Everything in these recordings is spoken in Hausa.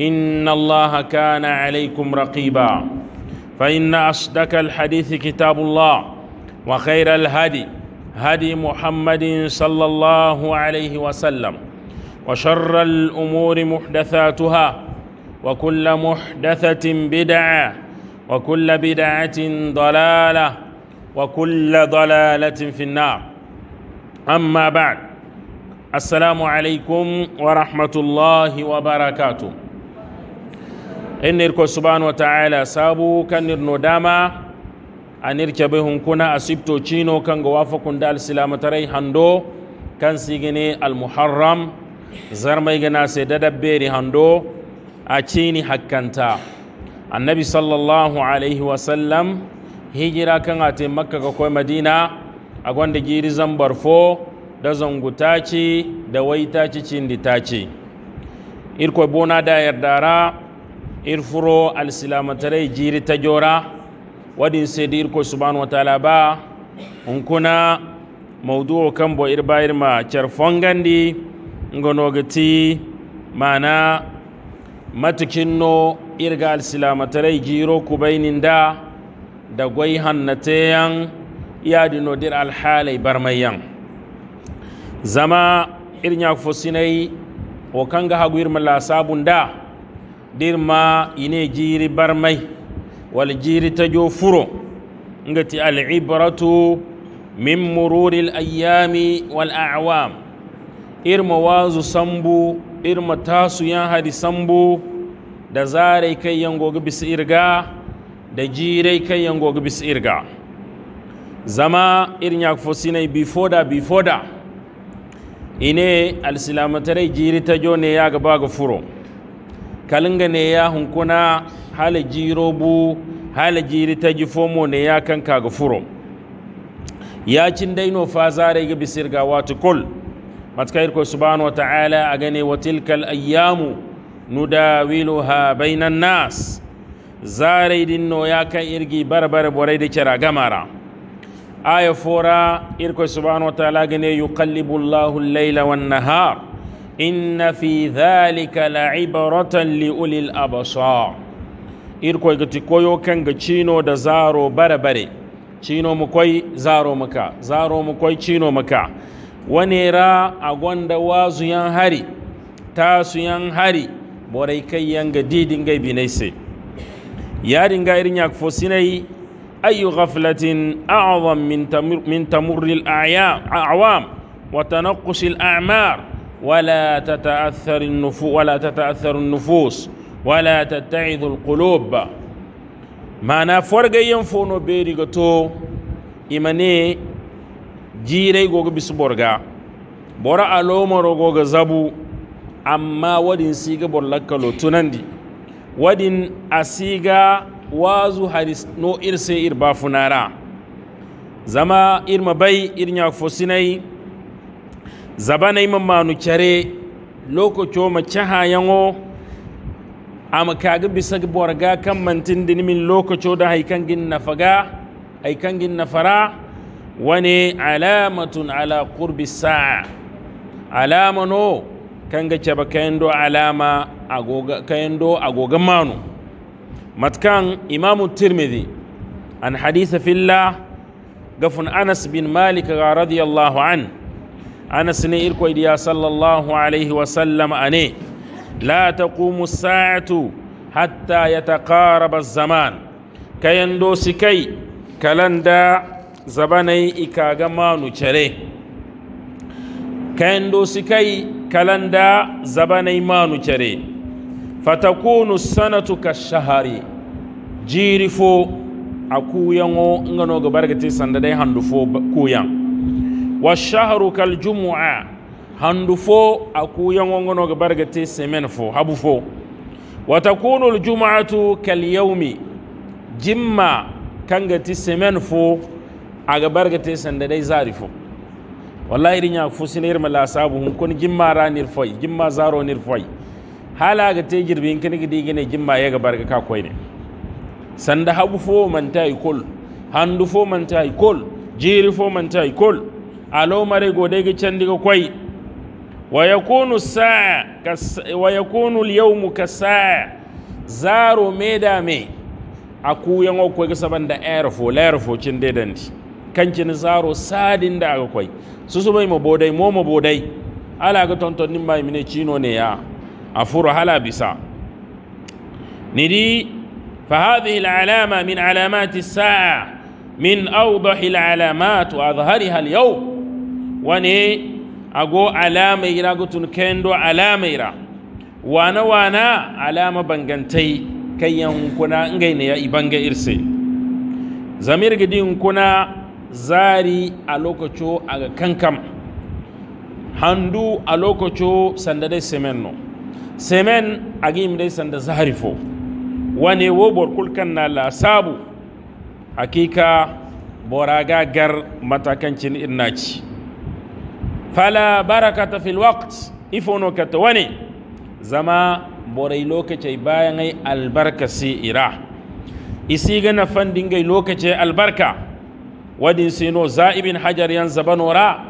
إن الله كان عليكم رقيبا فإن أصدق الحديث كتاب الله وخير الهدي هدي محمد صلى الله عليه وسلم وشر الأمور محدثاتها وكل محدثة بدعة وكل بدعة ضلالة وكل ضلالة في النار أما بعد السلام عليكم ورحمة الله وبركاته enir ko subhanahu wa ta'ala sabu kanir no dama anir kebe hun kuna asibto chino kan ga wafa kun dal alsilama tarai hando kan sigini almuharram zarmai gana sai dadabberi hando a cini hakkanta annabi sallallahu alaihi wa sallam hijira kan ate makka ga koi madina a gwanda giri zambar fo da zangutaci da waitaci cin taci irko bona da yardara irfuro alisilamatarai jiri ta jora wadin sai da irko subhanahu wataala ba unkuna mawdu'o kan bo irma carfon ma charfongandi gati mana no irga alisilamatarai jiro bainin da da gwai hannateyan iyadino dir alhalai barmayan zama irin ya fosinai o ga hagu irma lasabun da dirma ine jiri barmai wal jiri ta jo furo ngati al'ibratu min mururil ayyami wal a'wam irma wazu sambu irma tasu yan hadi sambu da zarai kai yan gogi bisa irga da jirai kai yan gogi bisa irga zama irin ya da bifoda bifoda ine alsilamatarai jiri ta jo ne ya gaba ga furo Kalinga ne ya hunkuna hala jirobu hala jiri ta ji fomo ne ya kan kaga furo ya cin daino fa zare ga bisir ga wata kul matkair ko subhanahu wa ta'ala a gane wa tilkal ayyamu ha bainan nas zare no ya kan irgi barbar borai da kira gamara aya fora irko subhanahu wa ta'ala gane yuqallibu Allahu al-laila wan nahar inna fi dhalika la'ibratan li ulil abasar irko ga koyo kan ga cino da zaro bare bare cino mu koi zaro maka zaro mu koi cino maka wani ra a gwanda wazu yan hari tasu yan hari borai kai yan ga didin gai binai yarin ga irin yak fosinai ayu ghaflatin a'zam min tamur min tamurri al-a'yam a'wam wa tanaqqus al-a'mar ولا تتأثر النفوس ولا تتأثر النفوس ولا تتعظ القلوب معنى فرغي ينفونو بيريغ تو إماني جيري غوغ بسبورغا بورا ألومرو غوغ زبو أما ودين سيغ بورلك لوتوناندي ودين أسيغا وازو هاريس نو إرسي إربافو نارا زما إرما بي إرنياك فوسيني zabana ima manu chare loko choma chaha yango ama kaga bisa borga kam mantin dini min lokaco da hay kangin nafaga hay kangin nafara wani alamatun ala kurbi sa'a alama no kanga chaba kendo alama agoga kendo agoga manu matkang imamu tirmidhi an haditha fila gafun anas bin malika radiyallahu anu irko idiya sallallahu alaihi wa sallam ne la ta taqumu saatu hatta ba zaman kayando sikay kalanda zabanai ikaga manu care kayando sikay kalanda zabanai manu fata fatakunu sanatu ka jiri fo a kuyango nganoga sanda dai handu fo kuyan wa shahru kal jumu'a handu fo aku yangongono ga barga te semen fo habu fo wa takunu al jumu'atu kal yawmi jimma kanga ti semen fo aga barga te sande dai zari fo wallahi rinya fu sinir mala sabu hun kun jimma ranir foy jimma zaro nir foy hala ga te jirbin kin gidi gine jimma ya ga barga ka koyne ne sanda habu fo man tay kol handu fo man tay kol jiri fo man tay kol alomare godege candigo koy wa yakunu saa wa yakunu alyawmu kasaa zaro da me aku yango koy ga sabanda airfo lairfo cinde dandi kancin zaro sadin da aga koy su bai mo bodai mo mo bodai ala ga tonton nimma mine cino ne ya afuro hala bisa min فهذه العلامة من علامات الساعة من أوضح العلامات وأظهرها اليوم wane ago ira gutun kendo ira wana wana alama bangantai kayan kuna ngai ne ya ibanga irse zamir gidin kuna zari a lokaco aga kankam handu a lokaco sanda dai semen no semen agi dai sanda zari wani wane wo borkul na la sabu hakika boraga gar matakancin innaci fala barakata fil waqt ifono kata wani zama borai lokacin bayan ai albarka si ira isi gana fandin gai lokacin albarka wadin sino za hajar yan zabanora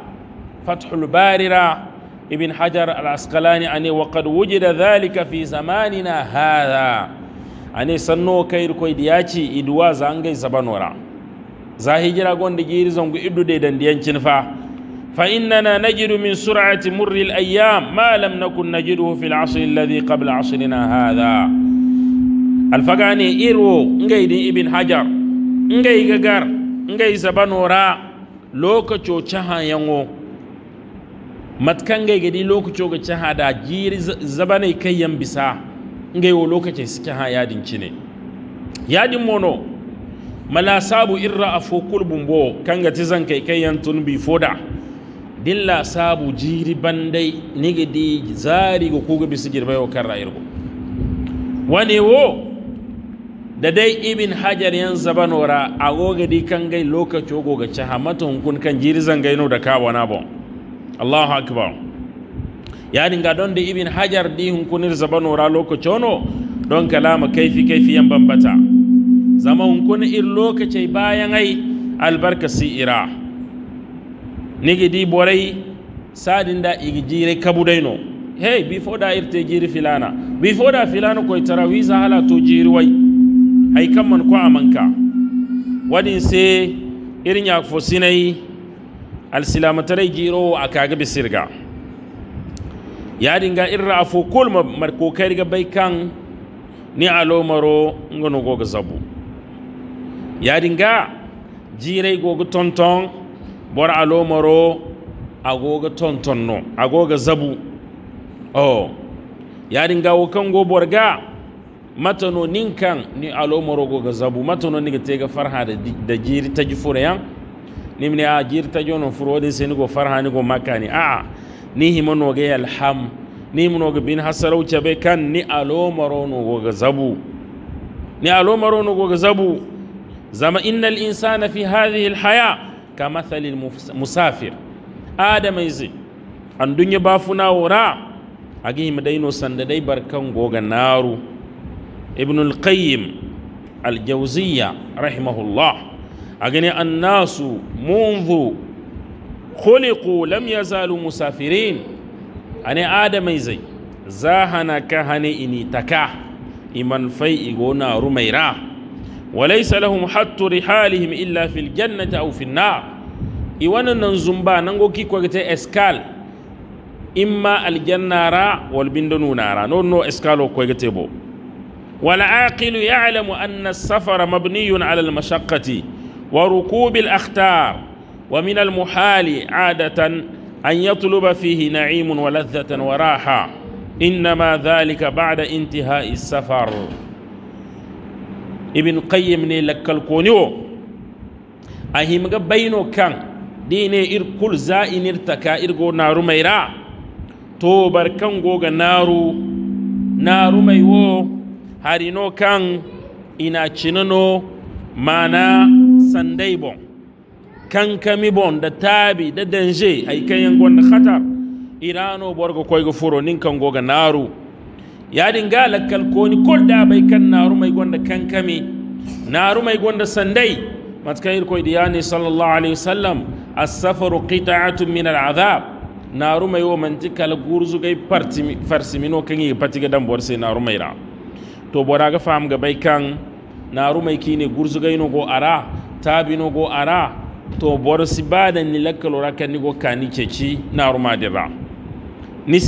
fathul barira ibn hajar al-asqalani ane wa qad wujida dhalika fi zamanina hadha ane sanno kayir koy diyaci idwa zangai zabanora za hijira gonde giri zangu iddu de dan diyancin fa فإننا نجد من سرعة مر الأيام ما لم نكن نجده في العصر الذي قبل عصرنا هذا الفقاني إيرو نجي ابن حجر نجي غجر نجي سبانورا لوكا تشو تشاها ينغو matkan gai gidi lokaci ga cin hada jiri zabanai kai bisa ngai wo lokacin suke ha yadin cine yadin mono malasabu sabu irra afo bumbo kanga tizan kai kai yan tun foda dilla sabu jiri bandai di zari go kuga bisi jirba yo karra irgo wani wo da dai ibn hajar yan zabanora agoga di kan gai lokaci go ga cha hamata hunkun kan jiri zangai no da ka na bon Allahu akbar yani ga don da ibn hajar di hunkunin zabanora lokaci ono don kalama kaifi kaifi yan bambata zama hunkun ir lokaci bayan ai albarka si ira nigi di borey sadinda igi jire kabudayno hey before da irte jiri filana before da filana koy tarawiza hala to jiri way hay kamman ko amanka wadin se irin ya fo sinai alsilamatarai jiro a kaga bisirga ya dinga irra afo kol marko kai riga bai kan ni maro ngono goga zabu ya dinga jirai go tonton bor alomaro agoga tontonno agoga zabu oh yarin gawo kan go borga matano ninkan ni alomaro goga zabu matano niga tega farha da, da jiri taji furayan nimni a jiri taji ono furo din sai nigo farha nigo makani a ni himano ga alham ni mun ga bin hasarauce bai kan ni alomaro no goga zabu ni alomaro no goga zabu zama innal insana fi hadhihi alhaya kamathalil musafir adama e izi an dunya bafuna wura agi mu daino sanda dai barkan goga naru ibn al-qayyim al-jawziyya rahimahullah agani annasu munzu khuliqu lam yazalu musafirin ane adama e izi zahana kahani ini taka iman fai igona rumaira وليس لهم حط رحالهم إلا في الجنة أو في النار إيوانا ننزمبا ننغو كي كوكتا إسكال إما الجنة را والبندن نارا نو نو إسكالو كوكتا بو والعاقل يعلم أن السفر مبني على المشقة وركوب الأختار ومن المحال عادة أن يطلب فيه نعيم ولذة وراحة إنما ذلك بعد انتهاء السفر ibn qayyim ne lakkal ni wo a himga bayno kan dine ir kul za'inirta ka irgo narumayra to barkan goga naru mai wo harino kan ina cinano mana sandai bon kami bon da tabi da danje ay kayan gonda khatar irano borgo koygo furo nin kan goga naru yadin gala kalkoni kol da bai kan naru mai gonda kankami naru mai gonda sandai matkan irko da sallallahu alaihi wasallam as-safaru qita'atun min al-azab naru mai wo manti kala gurzu gai mino kan yi patiga dan bor sai naru mai ra to bora ga fam ga bai kan naru mai kine gurzu gai no go ara tabino go ara to bor si badan ni ora kan ni go kani ceci naru ma dira ni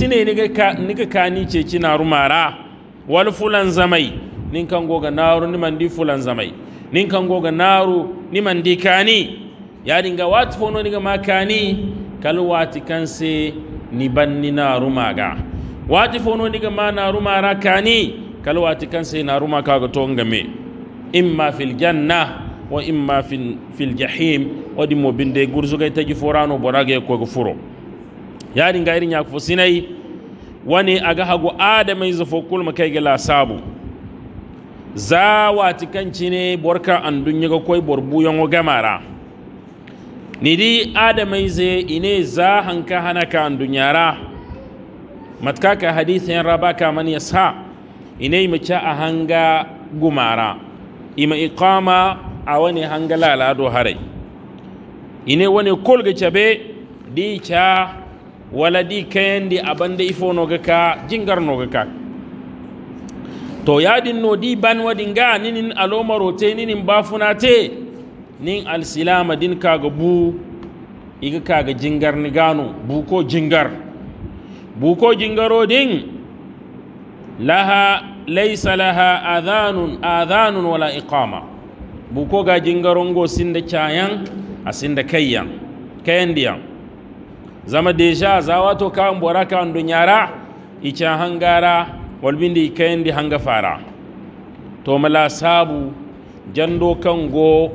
niga kani ceci naru mara wal fulan zamai nin kan goga naru ni mandi fulan zamai nin kan goga naru ni mandi kani ya dinga wati fono ni ma kani kal wati se ni banni naru maga wati fono ga ma naru mara kani kal wati se naru ma ga to ngame imma fil janna wa imma fil jahim wadi mo binde gurzuga taji forano borage ko go furo yarin ga irin ya kufo sinai wani aga hagu adamai zafo kulma kai gila sabu za wati kanci ne borka an dunya ga koi borbu yango gamara ni di adamai ze ine za hanka hanaka an dunyara matka ka hadithin rabaka man yasha ine mace a hanga gumara ima iqama a wani hanga lalado harai ine wani kulga cabe di cha wala di kayandi da ifo noga ka jingar noga ka to yadin no di ban wadin ga ninin alomaro te ninin bafuna te nin alsilama din kaga bu iga kaga jingar ni gano buko jingar buko jingaro din laha laysa laha adhanun adhanun wala iqama buko ga jingarongo sinda cayan a sinda kayyan kayan zama deja wato kan bora kan nyara icha hangara walbindi kayendi hanga fara to mala sabu jando kan go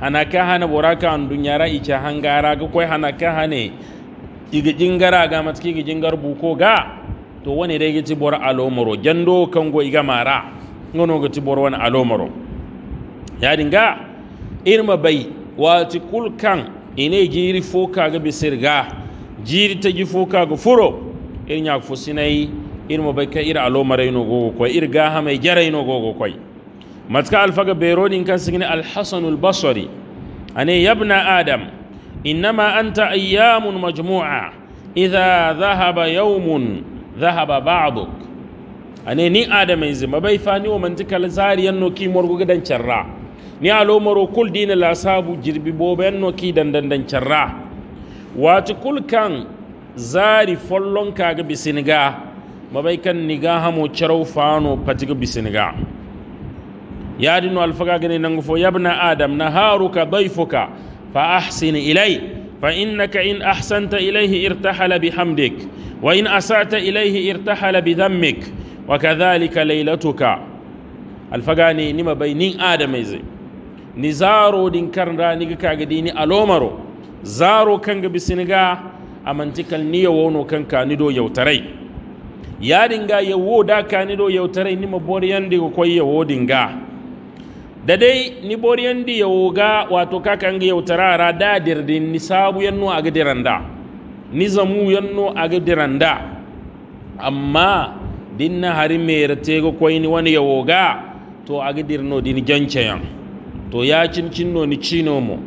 hanaka hana bora kan nyara icha hangara ga koy hanaka hane iga jingara ga matki ga jingar buko ga to wani dai gici bor alomoro jando kan go iga mara ngono ga ci bor wani alomoro ya dinga irma bai wati kulkan ine jiri fo kaga be giri ta gi fo kaga furo ir ya fo sinai ir mo bai ka ira alo no gogo koy ir ga hamay no gogo koy matka bero din kan sigine alhasanu albasari ane yabna adam innama anta ayyamun majmua idha dhahaba yawmun dhahaba baduk ane ni adamay zima bay fani wo mantikala ki morgo gidan carra ni alomaro kul dina la sabu jirbi boben no ki dandan dan charra wati kul kan zari follon kaga bisiniga mabai kan niga hamo charau fano patiga bisiniga Ya no alfaga gane nangu fo yabna adam na naharuka dayfuka fa ahsin ilai, fa innaka in ahsanta ilayhi irtahala bihamdik wa in asata ilayhi irtahala bidhammik wa kadhalika laylatuka alfaga ne nima bai nin adam zai ni zaro din karnda niga kaga dini alomaro zaro kan kanga bisiniga amantikal niya wono ni do yautarai yadinga yawo da ka do yautarai nima boriyandi ko koy yawo dinga da dai ni di yawo ga wato ka yautara yautarara da dirdin ni sabu yanno ga diranda ni zamu yanno ga diranda amma na hari mere tego koyni wani yawo ga to aga dirno dini janceyan to ya cinno ni cinomo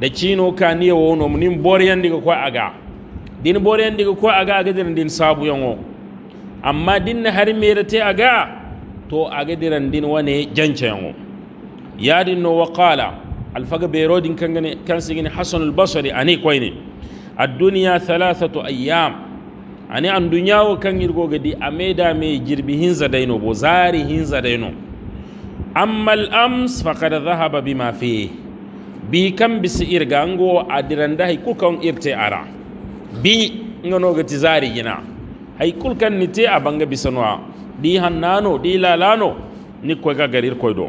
da cino kaniya wonomo nin boriyandiga koye aga din boriyandiga koye aga agadiran din sabu o amma din na hari merete aga to agadiran din wane jancayan Ya din no wa qala alfaga berodin kangane kan sigini hasan albasari ani koyne adduniya thalathatu ayyam ani an wa kan yirgo gadi ameda me jirbi hinza dayno bo zari hinza dayno ammal ams faqad dhahaba bima fi bi kam bisi irga ngo adiranda hay kukan irte ara bi ngono gati zari gina hay kulkan nite abanga bisanwa di hannano di lalano ni ko ga garir do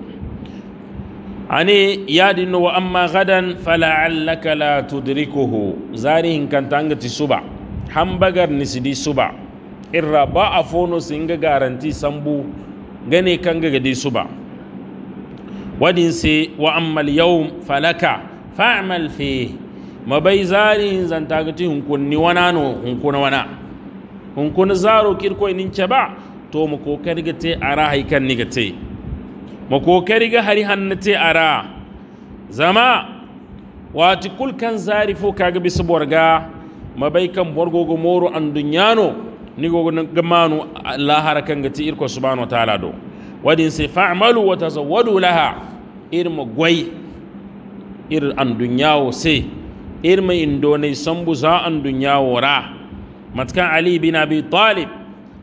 ani yadin wa amma gadan fala'allaka la tudrikuhu zari kan tanga ti suba hambagar sidi suba irra ba a singa garanti sambu gane kan ga di suba wadinsi wa ammal yau falaka fa'amal fi bai zari zanta ga ti hunkunni wana no hunkuna wana hunkun zaro kirko nin ba to mu kokari ga te ara haikan ni ga te mu kokari ga hari hannu te ara zama wati kulkan zari fo kaga bisu borga bai kan borgo go moro an dunyano ni go ga manu lahara kan ga ti irko subhanahu wa ta'ala do wadin se fa'malu wa tazawwadu laha irma gwai ir andun yawo se irma indonai sambu za andun yawo ra matkan ali bin abi talib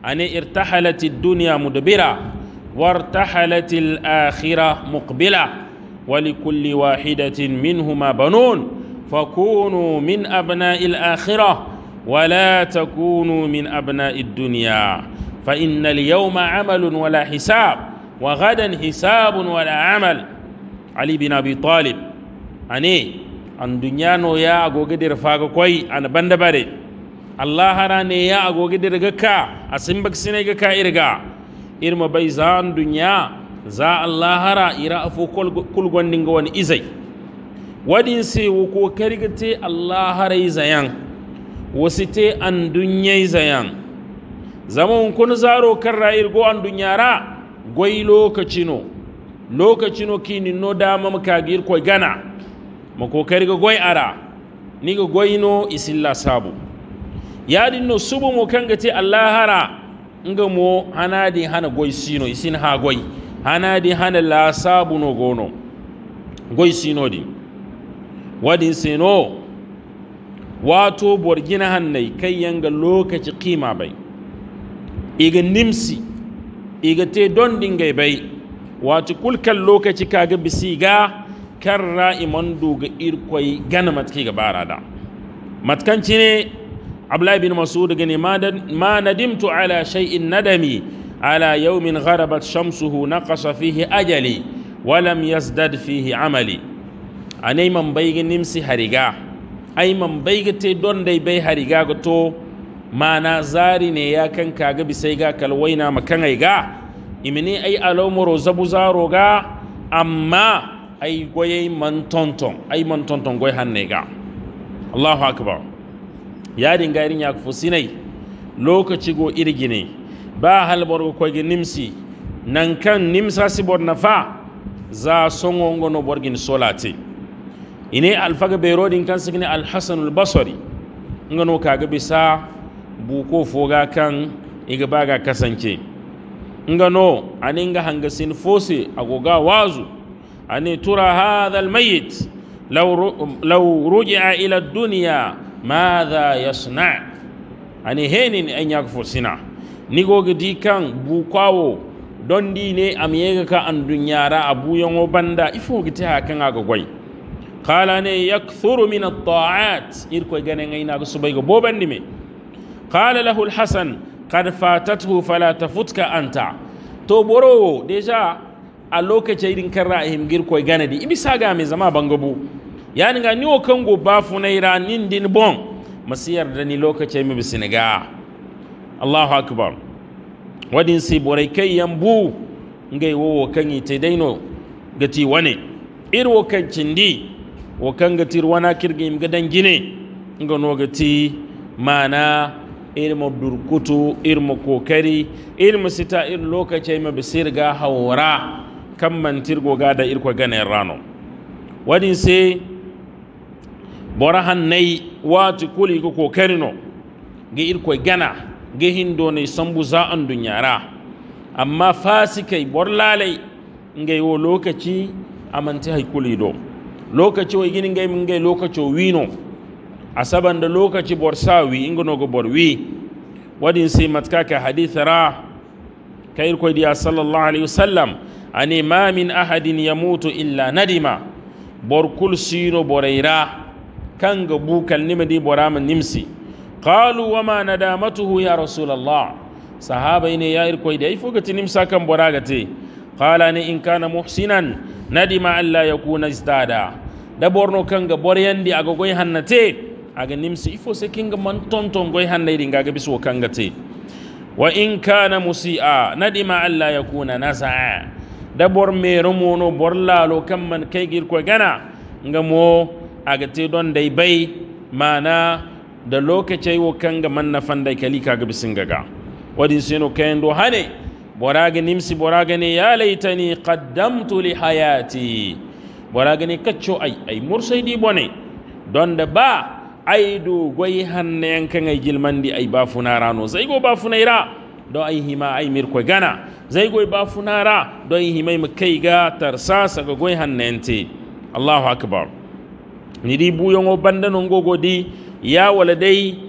ani irtahalati dunya mudbira wartahalati al-akhirah muqbila ولكل واحدة منهما بنون فكونوا من أبناء الآخرة ولا تكونوا من أبناء الدنيا فإن اليوم عمل ولا حساب وغدا حساب ولا عمل ali bin abi talib ani an dunya no ya agoge dir faga koi an banda bare allah hara ne ya agoge dir ga ka asin bak sine ga ka irga irma bai za dunya za allah hara ira afu kul kul ga wani izai wadin se wo ko karigate allah hara izayan wasite an dunya zayan zaman kun zaro kan ra'ir go an dunyara gwai lokaci no lokacino kininno damam gir koy gana ma ga goy ara ni niga no isilla sabu din no subu mo kan te allah hara nga mo hanadi hana goy sino isin ha goy hanadi hana la sabu no gono goy sino di wadin sino wato borgina hannai kai yanga lokaci kima bai iga nimsi iga te don dingai bai wato kulkan lokaci kaga bisiga kan ra'iman doga irkwai gana matki ga bara da matkanci ne abdullahi bin masud gani ma nadimtu ala shay'in nadami ala yawmin gharabat shamsuhu naqasa fihi ajali wa lam yazdad fihi amali a man baigi nimsi hariga ai man baigi te don dai bai hariga ga to mana zari ne ya kan kaga bisai ga kalwaina makan ai ga imini ai alomoro zabuzaro ga amma ai goye man tonton ay man tonton ga allahu akbar yadin gairin ya kufu sinai lokaci go ne ba halbar ko kogi nimsi nan kan nimsa si bor fa, za songo no borgin te. ine alfaga bai rodin kan sigine alhassan albasri ngano kaga bisa buko foga kan iga baga kasance Ngano, no ani nga hanga sin fose agoga wazu ani tura hadha almayit law law ruji'a ila dunya madha yasna ani henin an yak fosina ni goga di kan bu don ne am yega ka an dunyara abu yango banda ifo gite hakan aga gwai qala ne yakthuru min at-ta'at irko ganen ina ga subai go boban dime qala lahu al-hasan kad fatathu fala tafutka anta to borowo deja a lokaci irin kan ra'ayin girkoi ganadi ibi saga mai zama bangabu ni ga niwo kango bafu na iranin din bon masiyar da ni lokacin mi bisiniga Allahu akbar wadin si borai kai yambu ngai wowo kan ite daino gati wane irwo kan cindi wo kan gatir wana gadan gine ngano gati mana irma durkutu irma kokari irma sita ir lokace ma bisir ga haura kan mantir goga da irko gane rano wani sai bora nai wati kuli ko kokari no ga irko gana ga hindo ne sambu za an dunyara amma fasikai bor lalai ngai wo lokaci amanti kuli do lokaci wa gini ngai mun lokaci wino asaban da lokaci borsawi ingono go borwi wadin sai matka ka hadith ra kayir ko diya sallallahu alaihi wasallam ani ma min ahadin yamutu illa nadima borkul sino boreira kanga bukal nimadi borama nimsi qalu wama nadamatuhu ya rasulullah sahaba ne ya irko da ifo ga tinim sakan boraga te qala ne in kana muhsinan nadima alla yakuna istada da borno kanga boryandi agogoi hannate aga nimsi ifo se kinga man tonton goy hannayɗi ngaga biswo kanga te wa in kana musi'a nadima alla yakuna nasaa da bor mero mono bor laalo kam man kaygir ko gana nga mo aga te don day bay mana da lokacey wo kanga man fanda kali kaga bisingaga waɗin seno sino kendo hane boraga nimsi boraga ne ya laitani qaddamtu li hayati boraga ne kacho ay ay mursay bone donde ba ay do goy hannayan kan ay gilmandi zai go zaygo bafunayra do ay hima ay mirko gana Zai go zaygo bafunara do ay himay ga, tarsasa go hannu hannayante allahu akbar Ni di nidi buyongo bandano ngogo godi ya wala dai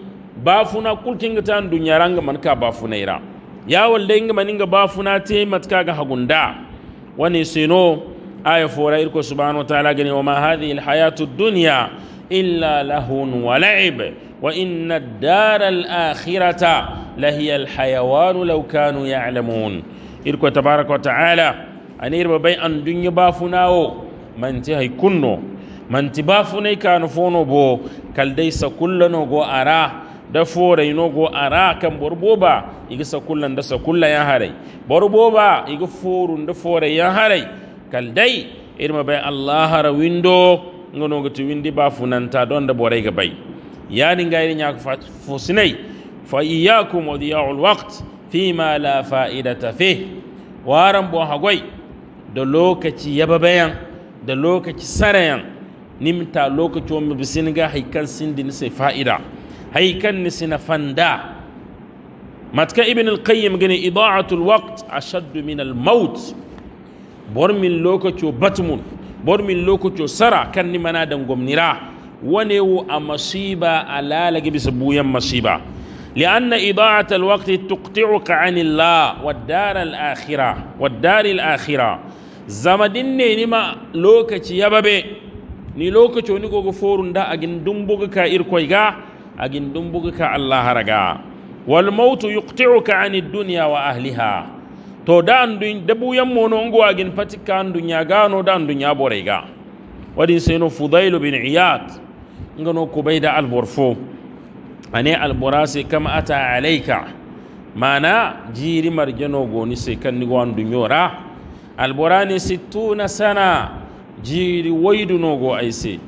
bafuna ga tan ka manka bafunayra ya wala dai nga maninga bafuna te matka ga hagunda wani sino aya fora irko subhanahu wa ta'ala gani wa ma hadhihi alhayatu ad-dunya إلا لهو ولعب وإن الدار الآخرة لهي الحيوان لو كانوا يعلمون إركو تبارك وتعالى أن إربا بي أن دنيا بافناو من تهي كنو من تبافني كانفونو بو كالديس كلنو غو أراه da forai nogo ara kan borboba igi sakullan da sakullan ya harai borboba igi forun da forai ya harai kaldai irma bai allah hara windo ngonogati windi ba funanta donda boray ga bay yani ngayri ñaako fa fo fa iyakum wa diyau lwaqt fima la faidata fih waran bon hagoy da lokaci yababayan da lokaci sarayan nimta lokaci wani ga haikan sindi sai fa'ida haikan nisa sina fanda matka ibn al-qayyim gani ida'atul waqt ashaddu min al-maut bor min lokaci batmun bor min lokaco sara kan ni mana dan gomnira wane wo a masiba a lalage bisa buyan masiba لأن إضاعة الوقت تقطعك عن الله والدار الآخرة والدار الآخرة زمدين نيما لوكتي يا بابي ni lokaci wani gogo forun da agin dumbuga ka irkoi ga agin dumbuga ka Allah raga. wal mautu yuqti'uka 'anid dunya wa ahliha to da andun dabu yan mono ngo agin patika andu nyagano da andu nyaborega wadi seno fudail bin iyad ngano kubaida alborfo ane alborase kama ata alayka mana jiri marjano goni se kan ni wandu nyora alborani sittuna sana jiri waidu nogo aise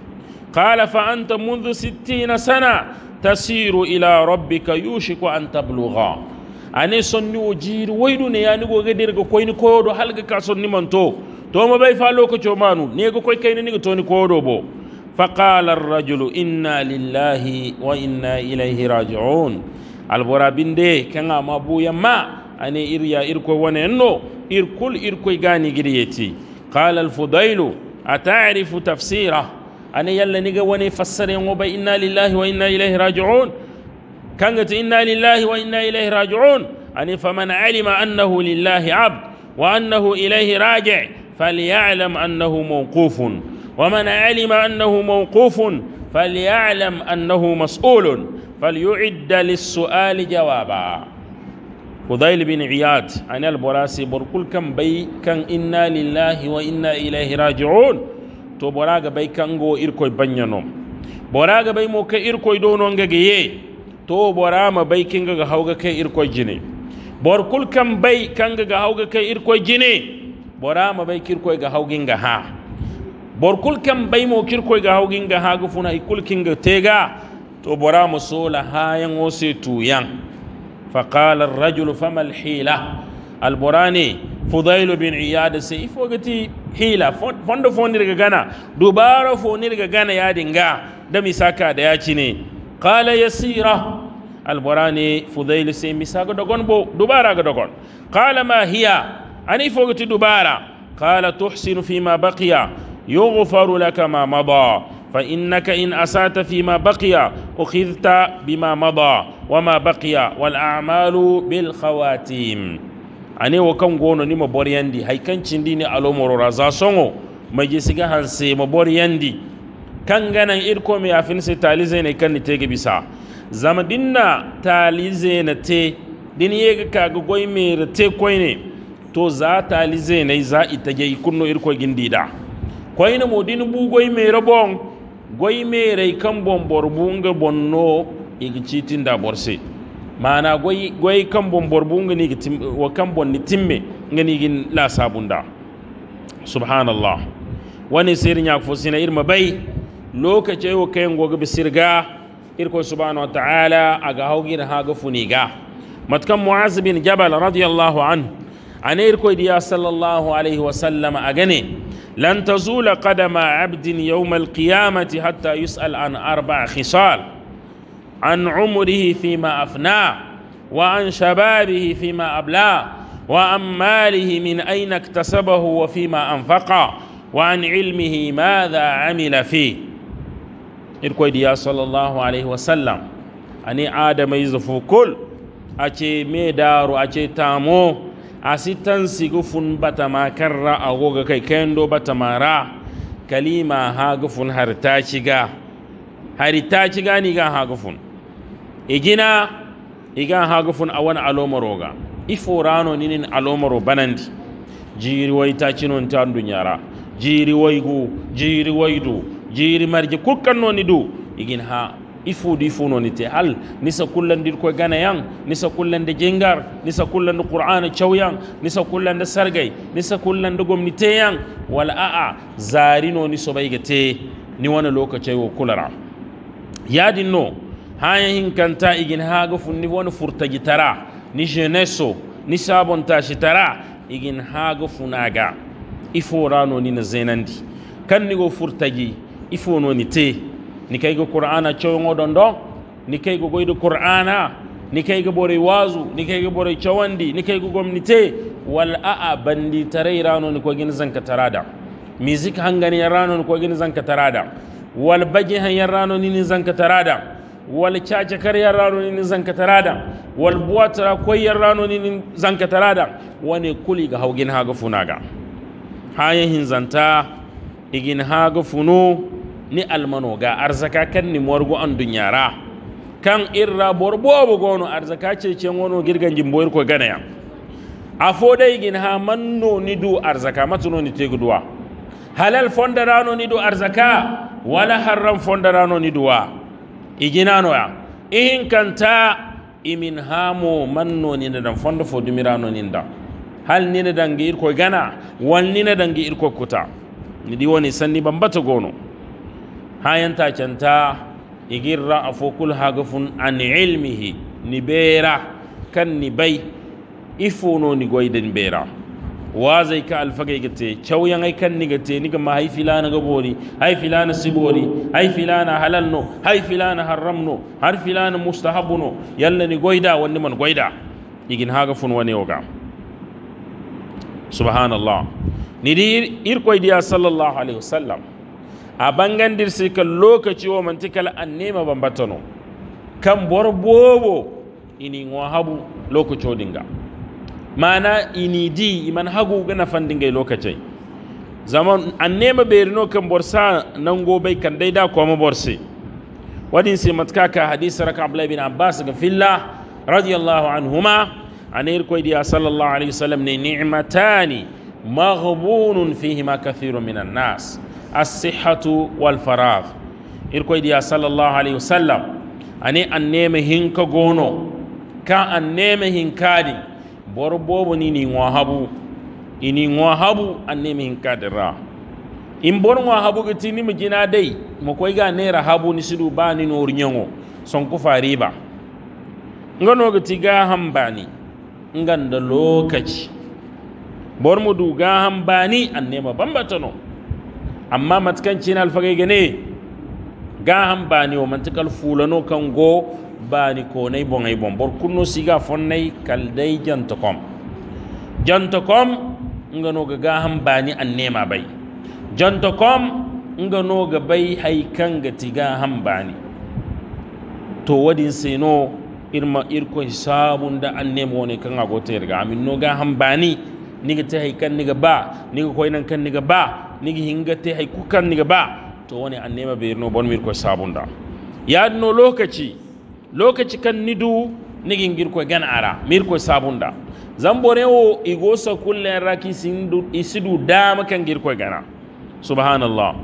قال فأنت منذ ستين سنة تسير إلى ربك يوشك أن تبلغا ane sonni wo jiiri woydu ne yanigo gedirga koyni koyoɗo halga ka sonni man to toma ɓay fa lokacio manu nego koy kayne niga toni koyoɗo bo faqala arrajulu inna lillahi wa inna ilayhi rajiun albora binde kanga ma buyamma ane irya irkoy wone en no irkul irkoy ganigiri yeti qala alfudailu atarifu tafsira ane yalla ni niga wone fassare ngo ɓay inna lillahi wa inna ilayhi rajiun كانت إنا لله وإنا إليه راجعون أن فمن علم أنه لله عبد وأنه إليه راجع فليعلم أنه موقوف ومن علم أنه موقوف فليعلم أنه مسؤول فليعد للسؤال جوابا فضيل بن عياد عن البراسي بركل كم بي كان إنا لله وإنا إليه راجعون تو براغ بي كانغو إركوي بنينو براغ بي موك إركوي دونو نغيي to bora ma bai kin ga hauga kai irko jine bor kul kam bai kan ga hauga kai irko jine bora ma bai kirko ga hau ga ha bor kul kam bai mo kirko ga hau ga ha gufuna funa kin ga tega to bora mu sola ha yan ose tu yan fa qala ar-rajul fama al-hila al-burani fudail bin iyad sai fogati hila fondo fondi daga gana dubara fondi daga gana ya dinga da misaka da ya ci ne قال يسيره alborani fudayl se misago dogon bo dubara ga dogon qala ma hiya ani fogoti dubara qala tuhsinu fima baqiya yughfaru laka ma mada fa innaka in asata fima baqiya ukhidhta bima mada wama baqiya wal a'malu bil khawatim ani wo kan gono ni maboryandi haykancin dini alomoro raza songo majisiga hanse maboryandi kan ganan irko mi afin se talize ne kan ni tege bisa zama dinna tali zena te din yega kaga goy mere te koyne to za tali zena za itage ikunno irko gindida koyne mo din bu goy mere bon goy mere kan bon bunga bonno igicitin da borse mana goy goy kan bon bunga ni gitim wa kan bon ni timme ngani gin la sabunda subhanallah wani sirnya fusina irma mabai lokacin wo kayen goga bisirga إركو سبحانه وتعالى أجاهوجي رها جفنيجا متكم معاذ بن جبل رضي الله عنه عن إركو ديا صلى الله عليه وسلم أجني لن تزول قدم عبد يوم القيامة حتى يسأل عن أربع خصال عن عمره فيما أفناه وعن شبابه فيما أبلى وعن ماله من أين اكتسبه وفيما أنفقه وعن علمه ماذا عمل فيه irkoy diya sallallahu alaihi wasallam ani adama izufu kul ce me daru ce tamo a sigu sigufun bata a goga kai kendo bata mara kalima hagufun har ta shiga har ta shiga ni ga hagufun igina iga hagufun alomaro ga ifo rano ninin alomaro banandi jiri wai ta cinon ta dunyara jiri gu jiri waidu jiri marje kukkan ni du igin ha ifudu te hal nisa kullandir ko gana yan nisa kullande jengar nisa kullande qur'ana caw yan nisa kullande sargay nisa kullande te yan wala aa so sobayga te ni loka chay wo kulara yadin no haya hinkanta igin haga ni wona furtaji tara ni jeneso ni sabon sabontaji tara igin go funaga ni na zenandi kannigo furtaji ifo no ni te ni kai go qur'ana chawon odondo ni kai go goido qur'ana ni kai go bore wazu ni kai go bore chawandi ni kai ga te wal a'a bandi tarai irano ni ko gin zanka tarada music hangani rano ni ko gin zanka tarada wal baji han rano ni ni zanka tarada wal caca kar rano ni ni zanka tarada wal buwatara koyar rano ni ni zanka tarada wani kuli ga haugin haga funaga hayan hinzanta igin haga funu? ni almanoga arzaka kan ni morgo an dunyara kan irra borbobo gono arzaka ce ce wono girgan jimboyir ko ganaya a fodai gin ha manno ni du arzaka matuno ni guduwa halal fondarano ni du arzaka wala haram fondarano ni duwa iginano ya ihin kanta imin hamo manno ni da fondo fo dumirano ni da hal ni na dangi irko gana wal ni da dangi irko kuta ni di woni sanni bambata gono hayan ta canta igirra fokul hagafun an ilmihi ni bera kan ni bai ifono ni goyden bera wa zai ka alfaga gate cauyan ai kan ni gate ni ga ma haifi gabori ga bori sibori lana filana halal no hai filana haram no har filana lana no yalla ni goida wani man goida igin hagafun wani yoga subhanallah ni dir irkoy dia sallallahu alaihi wasallam a bangan si kal lokaci wo manti kala an nema bambatano kan bor bobo ini ngo habu lokaco dinga mana ini di iman hagu gana fandinga lokacai zaman an nema berino kan bor sa nan gobe kan dai da koma bor si wadin si matka ka hadisi raka abdullahi bin abbas ga fillah radiyallahu anhuma anir koy dia sallallahu alaihi wasallam ne ni'matani maghbunun fihima kathirun minan nas as-sihhatu wal faragh irko diya sallallahu alaihi wasallam ani an hin hinka gono ka anneme hinkadi bor bobo ni ni wahabu ini wahabu neme hinkadi ra in bor wahabu giti ni mi gina dai mo koy ga ne rahabu ni sidu bani no urnyango son ku fariba ngano giti ga hambani nganda lokaci bor mu du ga hambani annema bambatano amma matkanci na alfagai gane gahan bani o mantikal fulano kan go bani konai ibon ibon bar kunno siga fonnai kaldai jantakom jantakom ngano ga gahan bani an nema bai jantakom ngano ga bai haikan ga tiga han bani to wadin no irma irko hisabun da an nema wani kan agota yarga amin no ga han bani ga ta haikan ni ga ba niga koinan kan niga ba nigi hingate hay kukan niga ba to wani an nema no bon mir ko sabunda yadno lokaci lokaci kan nidu nigi ngir ko gan ara mir ko sabunda zambore o igosa kulle raki sindu isidu dama kan ngir ko gana subhanallah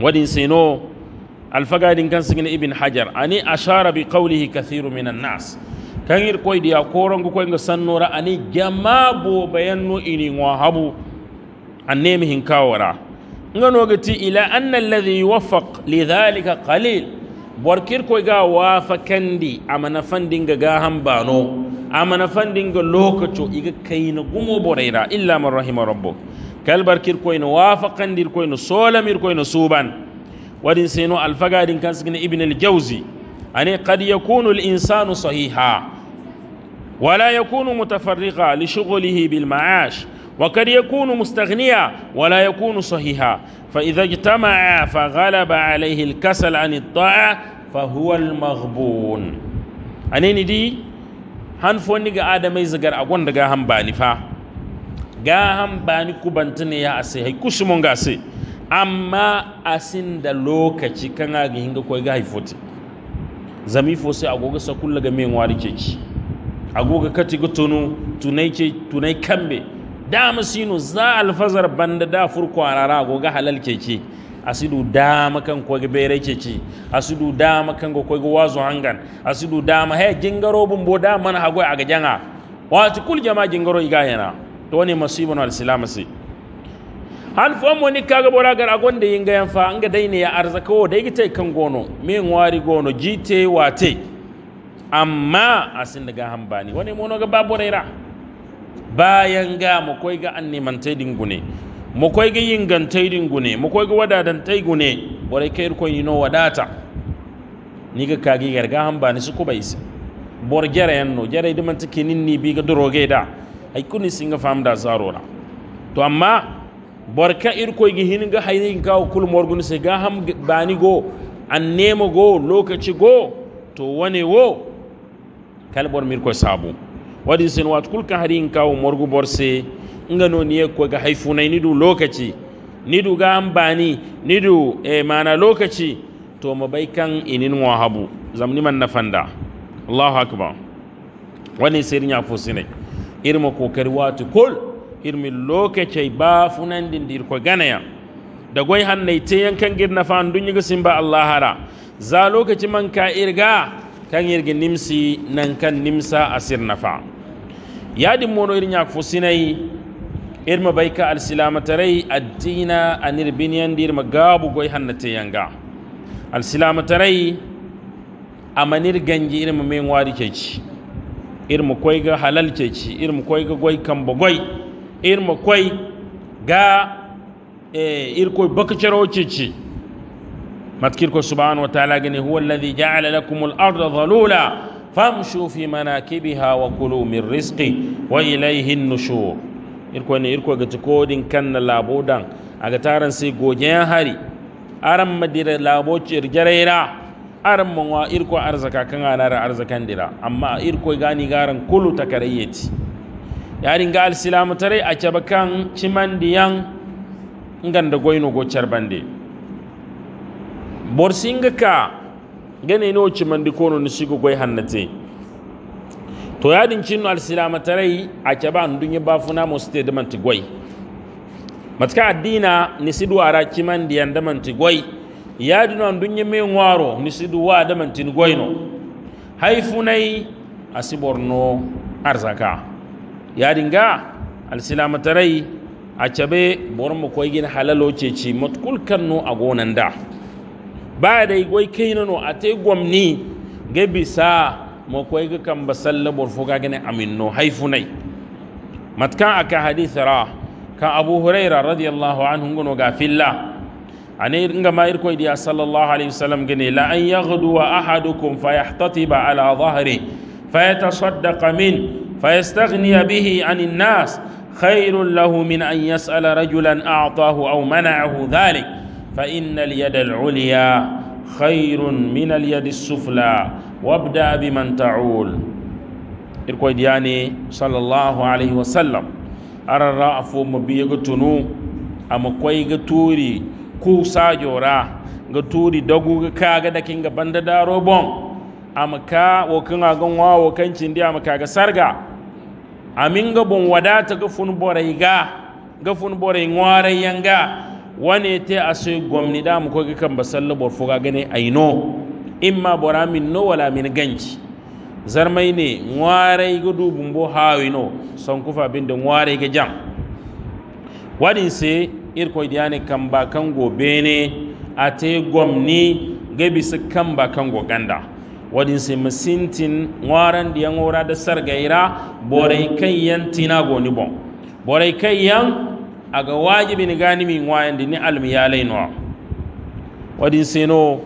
wadin sino alfagadin kan sigina ibn hajar ani ashara bi qawlihi kathiru minan nas kan ngir ko diya korongo ko nga sannora ani jama bo bayanno ini ngwa annemi hin kawara ngano gati ila anna alladhi yuwaffaq lidhalika qalil borkir ko ga wafa kandi amana fandinga ga hambano amana fandinga lokaco iga kayna gumo boreira illa man rahima rabbuk kal barkir ko ina wafa kandir ko ina solamir ko ina suban wadin seno alfagadin kansgina ibn al-jawzi ani qad yakunu al-insanu sahiha ولا يكون متفرغا لشغله بالمعاش وقد يكون مستغنيا ولا يكون صحيحا فإذا اجتمع فغلب عليه الكسل عن الطاعة فهو المغبون أنين دي هن فوني آدم يزغر أقوان دقا هم باني فا غا هم باني كوبانتني يا أسي هاي كوشمون أسي أما أسين دا لوكا كانا غينغا كوي غاي فوتي زمي فوسي أقوغا سكول لغا مين واري كيكي أقوغا كاتي غتونو توناي كي dama sino za alfazar banda da furko goga halal keke sidu dama kan ko bere keke sidu dama kan kwa ko wazo hangan sidu dama he jingaro bumbo dama na hago aga janga wati kul jama gingaro iga yana to han fo ni kaga bora gar agonde yinga yan fa anga dai ne ya arzaka wo dai gite kan gono min wari gono jite wate amma asin daga hambani wani mono ga babu raira bayan ga mu ga an neman taidin gune mu koy ga yingan taidin gune mu ga wadadan tay gune warai kayir koy yi no wadata ni ga kagi garga han ba ni su kubai bor jere en no jere de man take nin ni bi ga doroge da ai kuni singa fam da zarora to amma ka ir koy gi hin ga hayrin ka kul gune se ga ham bani go an nemo go lokaci go to wane wo kalbor mir ko sabu wadi sin wat kul ka hari in kawo morgu borse nga no niye ko ga haifunai ni du lokaci ni du ga ambani ni du e eh, mana lokaci to mabai kan inin wahabu zamni man nafanda allahu akbar wani sirnya irmo irma kar watu kul irmi lokaci ba funan din dir ko ganaya da goy hannai te yankan girna fa andun ga simba allahara za lokaci man ka irga kan yirgi nimsi nan kan nimsa asir nafa yadin mono irin ya fusinai irma bai ka alsilamatarai addina a nirbiniyan da irma gabu goyi hannate yanga alsilamatarai a manir ganji irma mai wari keci irma koi ga eh, halal keci irma koi ga goyi kan goyi irma koi ga irkoi bakacero ke ci matkirko subhanahu wa ta'ala gani huwa alladhi ja'ala lakum al-ardha dhalula famshu fi manakibiha wa kulu min rizqi wa ilayhi an-nushur irko ne irko ga tikodin kanna labodan aga taran sai gojen hari aran madira labo cirgaraira aran wa irko arzaka kan anara arzakan dira amma irko gani garan kulu takarayyati yarin ga al-silamu tare a cabakan cimandiyan nganda goyno go charbande bor singa ka gane no cimandi kono ni sigo goy hannate to yadin cinno tarai a an dunya bafuna mo site da manti goy matka addina ni sidu ara cimandi yanda manti goy yadin an dunya me ngwaro ni sidu wa da manti goyno nai, asiborno arzaka yadin ga tarai a cabe bor mu koygin halalo ci matkul kanno a gonan da baada goy kaina no ate gwamni ga bisa mo koy ga kan basalla bor fuga gane aminno haifunai matka aka hadith ra ka abu huraira radiyallahu anhu ngono ga filla ane nga mayir koy dia sallallahu alaihi wasallam gane la an yaghdu wa ahadukum fayahtatiba ala dhahri fayatassaddaqa min فيستغني به عن الناس خير له من أن يسأل رجلا أعطاه أو منعه ذلك فإن اليد العليا خير من اليد السفلى وابدأ بمن تعول إركوي دياني صلى الله عليه وسلم أرى الرأفو مبيغ تنو أما كوي غتوري كوسا جورا غتوري دوغو كاغا دكينغ غبند دارو بون أما كا وكنا غنوا وكان چندي أما كاغا سرغا أمينغ غبون وداتا غفون بوريغا غفون بوري نواري ينغا wane te asoy gwamni da mu ko ga kan basalla bor fuga gane in ma bora min no wala min ganci zarmai ne ngware ga dubun hawi no son kufa bin da ga jam wadin se irko diyane kan ba kan gobe ne a te gwamni ga bisa kan ba kan ganda wadin se masintin ngwaran diyan ora da sargaira borai kai yan tina goni bon borai kai yan aga ni gani min wayan dini almiyalai no wadin sino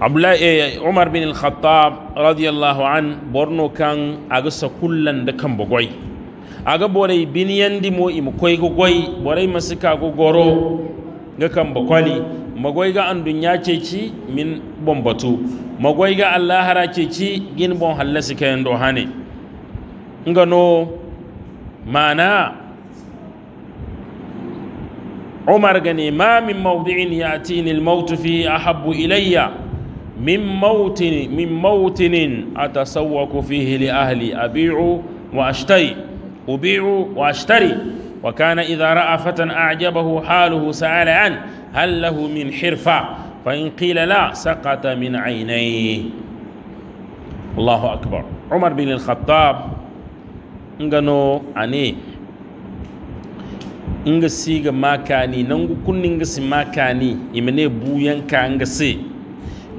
abdullahi eh, umar bin al-khattab radiyallahu an borno kan aga sakullan da kan A aga borai biniyan dimo imu koi gugoi borai masika goro ga kan bakwali magwai ga an dunya ce ci min bombatu magwai ga allahara ce ci gin bon hallasi kayan dohane ngano mana عمر قال ما من موضع يأتيني الموت فيه أحب إلي من موت من موطن أتسوق فيه لأهلي أبيع وأشتري أبيع وأشتري وكان إذا رأى فتى أعجبه حاله سأل عنه هل له من حرفة فإن قيل لا سقط من عينيه الله أكبر عمر بن الخطاب ngano ane nga siga makani nan kunni nga si makani imene buyanka nga se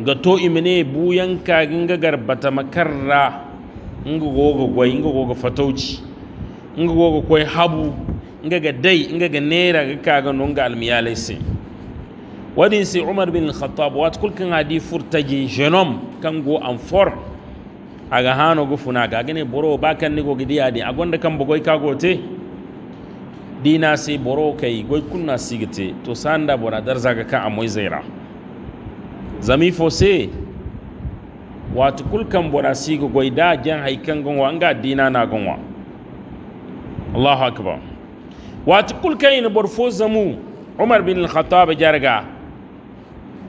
nga to imene buyanka nga garbata makarra nga goga gwai nga goga fatauci nga goga kwai habu nga ga dai nga ga nera ga ka ga ga almiyalai se wadin si umar bin khattab wat kulkan hadi furtajin jenom kan go an for aga hano gufuna funa ga gane boro bakan ni go gidiya di agonda kan bugoi gote? dina sai boro kai gwai kunna sigite to sanda bora dar zaga kan amoy zaira zami fose watu kulkan bora sigo gwai da jan haikan gonwa anga dina na gonwa Allahu akbar watu kulkan ina bor fo zamu Umar bin al-Khattab jarga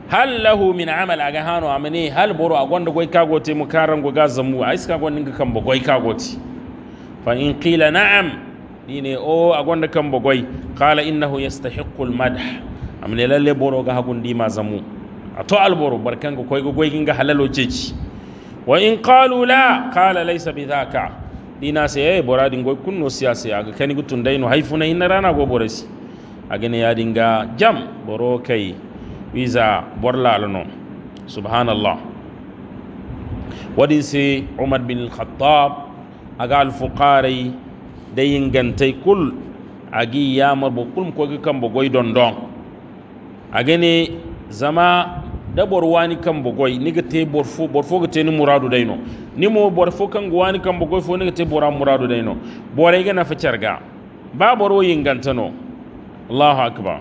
hal lahu min amal aga hano amane hal boro agonda ka gote mukaran karan ga zamu aiska gonninga kan bo ka gote fa in qila na'am ɗine o a gonda kamba goy qala innahu yastahiqu almadh amne lalle boro ga hagun dima zamu a to alboro barkango koygo goyginga halalo ceeci wa in qalu la qala laysa bidhaka ɗina se e eh, boraɗi goy kunno siyase aga kani guttundayno hay funa hinna rana go borasi agene yaɗinga jam boro kay wisa borlaalo subhanallah waɗi si umar bin khattab aga alfukarai. da gantai kul agi yamar bo kulum kogi kan goy don don agene zama da bor wani kambo goy niga te bor fo bor fo ga te ni muradu dayno ni mo bor fo kan wani kambo goy fo niga te bora muradu dayno borai ga na facarga ba bor wo yingantano allahu akbar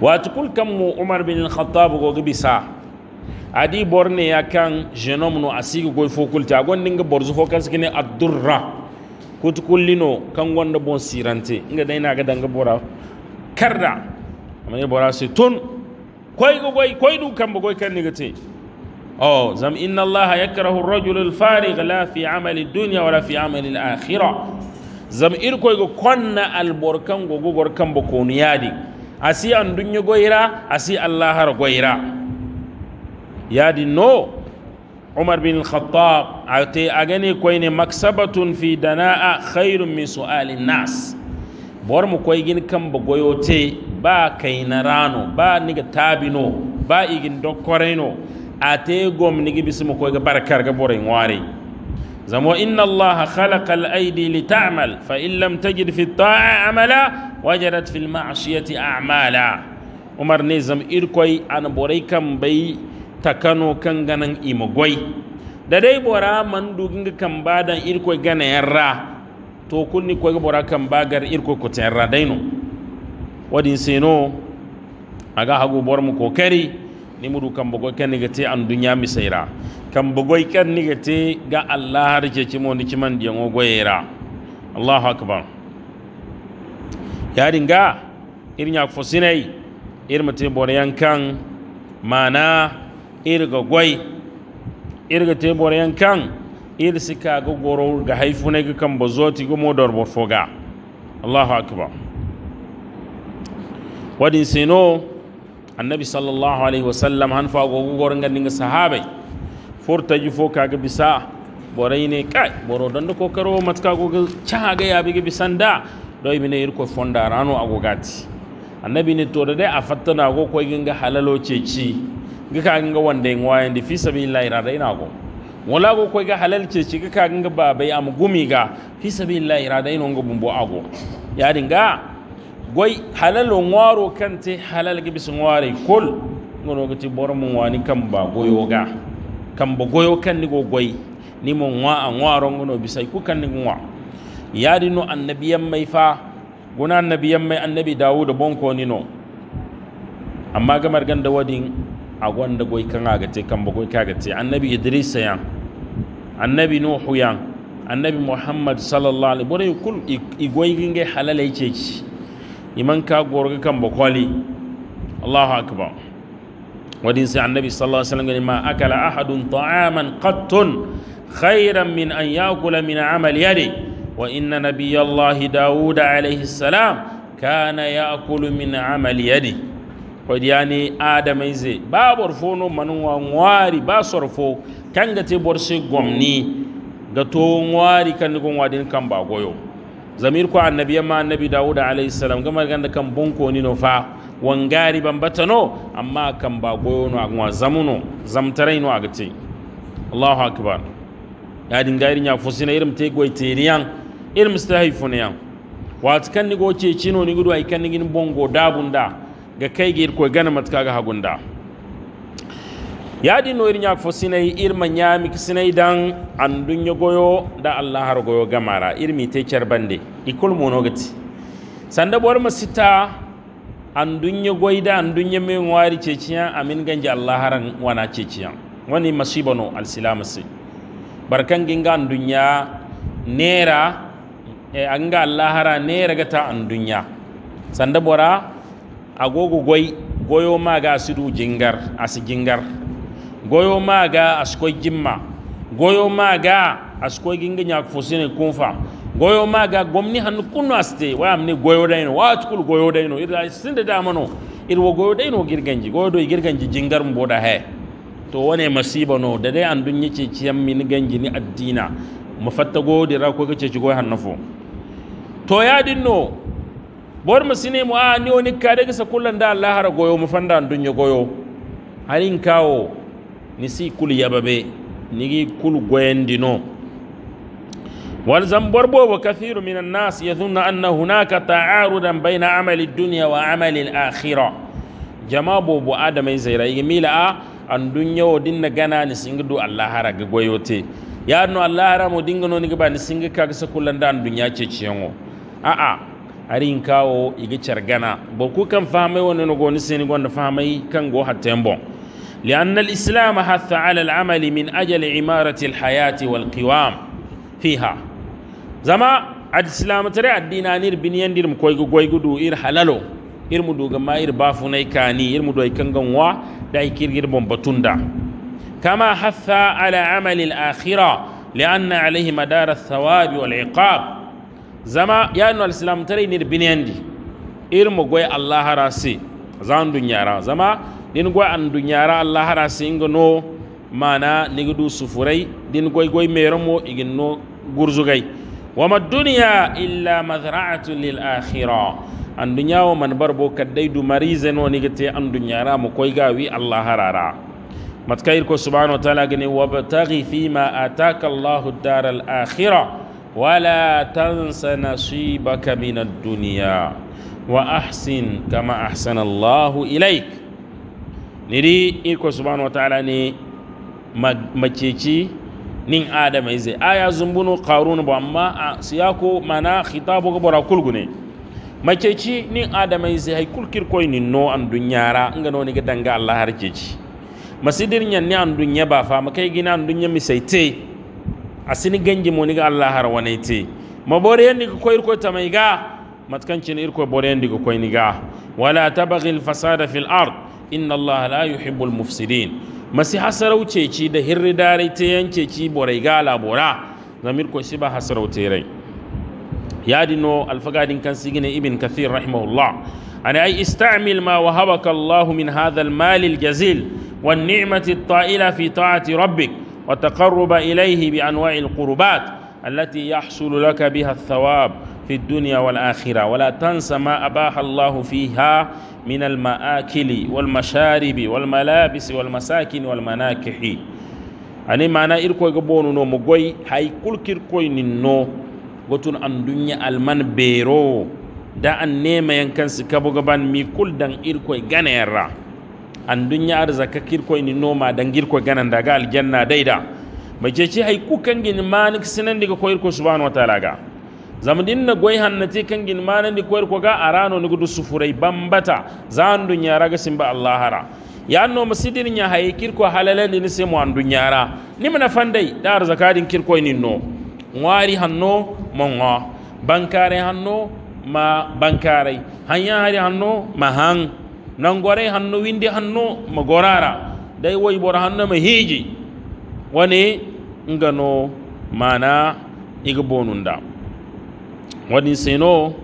wa kul kam mu umar bin al-khattab go gibisa adi borne ya kan genome no asigi goy fo kulta gon dinga borzu fo kan sikine ad-durra kut kullino kan gonda bon sirante inga dayna ga danga bora karda amane bora se ton koy go goy koy du kambo goy kan niga te oh zam inna allah yakrahu ar-rajul al-farig la fi amali ad-dunya wala fi amali al-akhirah zam ir koy go konna al-borkan go go gor kambo ko niyadi asi an dunya goyira asi allah har goyira yadi no umar bin al-khattab ate agani koyne maksabatun fi dana'a khairun min su'ali nas bor mu koy gin kam ba goyote ba kaina rano ba niga tabino ba igin dokkoreno ate gom nigi bismu koy ga barakar ga boray ngwari زمو إن الله خلق الأيدي لتعمل فإن لم تجد في الطاعة عملا وجدت في المعصية أعمالا عمر نزم إركوي أنا بوريكم بي takano kan ganan imagwai da dai bora man dugin kan badan irko gane yarra to kunni ko bora kan bagar irko ko tarra daino wadin seno aga hagu bor mu ko kari. ni mudu kan bugo kan ni gate an dunya mi saira kan bugo kan ni gate ga Allah har ke kimo ni kiman diyan ogoyera Allahu akbar dinga irin ya fosinai irin mutum bore yankan mana irga gwai irga tebor yankan ir sika ga goro ga haifuna ga kan bazoti ga modor borfoga Allahu akbar wadin sino annabi sallallahu alaihi wasallam han fa go goro ga sahabai furta ji fo ga bisa borai ne kai boro dan ko karo matka go ga cha ga ya da bisanda do ir ko fonda rano agogati annabi ne to da dai a fattana go ko ga halalo ci ga ka ga wanda yin wayan da fi sabi lai rada ina go wala go koy ga halal ce ci ga ka ga ba bai am gumi ga fi sabi lai rada ina go bumbo ago ya dinga goy halal ngwaro kante halal gibi sun ware kul ngono ti bor mun wani kan ba goyo ga kan ba goyo kan ni go goy ni mun wa an waro ngono bisai ku kan ni wa ya dinu annabiyan mai fa guna annabiyan mai annabi dawo da bonko ni no amma gamar ganda wadin agonda goy kanga gate kamba goy kagate annabi idrisa yan annabi nuhu yan annabi muhammad sallallahu alaihi bore kul igoy ginge halalai ceci iman ka gorga kan kwali allahu akbar wadin sai annabi sallallahu alaihi wasallam ma akala ahadun ta'aman qattun khairan min an yakula min amali yadi wa inna nabiyallahi daud alaihi salam kana yakulu min amali yadi adamai zai ba borfo no manuwa nwari ba sorfo kanga te borse gomni ga to nwari kan go wadin kan ba goyo zamir ko annabi ma annabi dawud alayhi salam gama ganda kan bonko ni no fa wangari bata no amma kan ba goyo no agwa zamuno zamtarai no agati allahu akbar ya dingari nya fusina irim te goy teriyan irim stahi funiyan wat kan ni go ce cino ni gudu yi kan ni gin bongo dabunda ga kai kaygir koy ganamat ga hagunda yaadi no irin ya fo sinai ir manya ñaamik sinai dan an dunya goyo da allah har goyo gamara ir mi te cerbande ikol monogati sanda bor ma sita an dunya da an dunya me ngwari ceciya amin ganje allah haran wana ceciya wani masibano alsilamasi barkan ginga an dunya nera e anga allah hara nera gata an dunya sanda bora agogo goy goyo maga sidu jingar asi jingar goyo maga asko jimma goyo maga asko ginga nyak fosine kunfa goyo maga gomni hannu kunno aste wayam ne goyo dayno watukul goyo dayno irla sinde damano irwo goyo dayno girganji goyo do girganji jingar mboda he to wane masiba no da dai an dun yace ciyan min ganji ni addina mafatta go dira ko kace ci goyo hannafo to ya dinno bor mu sine mu a ah, ni oni kare sa kullan da Allah har goyo mu fanda an dunya goyo harin kawo ni si kul yababe ni gi kul goyendi no wal zam bor bo wa kathiru minan nas yadhunna anna hunaka ta'arudan bayna amali dunya wa amali al akhirah jama bo bo adama e zaira yi mila a ah, an dunya o dinna gana ni singi du Allah har ga goyo te ya no Allah har mu dinga no ni ga ba ni singi ka ga sa kullan da an dunya ce a a arin kawo igi chargana boku kan fahamai wani nago ni seni gonda fahamai kan go hatta bon لأن الإسلام حث على العمل من أجل عمارة الحياة والقوام فيها زما الإسلام ترى الدين أنير بنيان دير مكويغو كويغو دو إير حلالو إير مدو غما إير بافو نيكاني إير مدو إيكنغن وا داي كير غير بمبتوندا كما حث على عمل الآخرة لأن عليه مدار الثواب والعقاب zama ya yanu alislam tare nir biniyandi ir mo goy allah hara si zan dunyara zama din goy an dunyara allah hara si ingo no mana nigdu sufurai din goy goy meramo igin no gurzugay wama duniya illa mazra'atun lil akhira an dunya wa man barbo kaddai du marizen woni gete an dunyara mo koy gawi allah harara matkayir ko subhanahu wa ta'ala gani wabtaghi fima ataka allah ad-dar al-akhirah wala tansa nasibaka min ad-dunya wa ahsin kama ahsana Allahu ilaik niri iko subhanahu wataala ni maceci nin adama ize aya zumbunu qarun bo amma siyako mana khitabu go bora kulgune maceci nin adama ize hay kulkir koy nin no an dunyara ngano ni ga danga Allah har ceci masidir nyanni an dunya ba fa makai gina an dunya mi saite asini genji mo niga Allah har wanaiti ma bore ni ko irko tamaiga matkanci ni irko bore yendi ko niga wala tabghi alfasada fasada fil ard inna Allah la yuhibbul mufsidin masi hasarauce ci da hirri dare ta yanke ci borai ga labora zamir ko shiba hasarauce rai ya dino alfagadin kan sigine ibn kathir rahimahullah أنا أي استعمل ما وهبك الله من هذا المال الجزيل والنعمة الطائلة في طاعة ربك وتقرب إليه بأنواع القربات التي يحصل لك بها الثواب في الدنيا والآخرة ولا تنس ما أباح الله فيها من المآكل والمشارب والملابس والمساكن والمناكح ani mana irkoy ga bonu no mo goy hay kulkir koy nin no gotun an dunya alman bero da an nema yankan su kabo gaban mi kul dan irkoy ganera andun ya arzaka kirko ni noma dan girko ganan daga aljanna daida ce hay ku kangin manik sinan diga koyir ko subhanahu ta'ala ga zamdin na goy hannati kangin manan di koyir ko ga arano ni gudu sufurai bambata zan dunya raga simba allah hara ya no masidin ya hay kirko halalan ni se mu dunya ra ni mana fandai da din kirko ni no ngwari hanno mongo bankare hanno ma bankare hanya hari hanno ma hang gwarai hannu windi hannu ma dai wai bor hannu ma hiji wani ngano mana iga da wani seno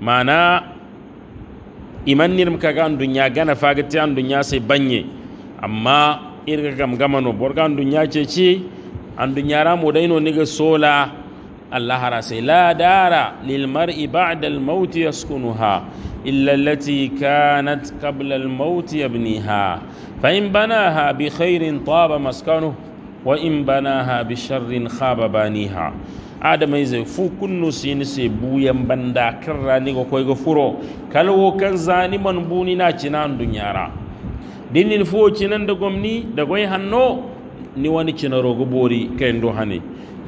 mana imannir kaga gan dunya gana fagati an dunya sai banye amma irga gamgamano bor gan dunya ce ci an dunya dai no niga sola allah harasai sai la dara lil mar'i ba'da al-maut yaskunuha إلا التي كانت قبل الموت يبنيها فإن بناها بخير طاب مسكنه وإن بناها بشر خاب بانيها adama zai fu kunnu sini se buyan banda karra ni go koy go furo kalwo kan zani man buni na cinan dunyara dinin fu cinan da gomni da goy hanno ni wani cinaro go bori kayin do hane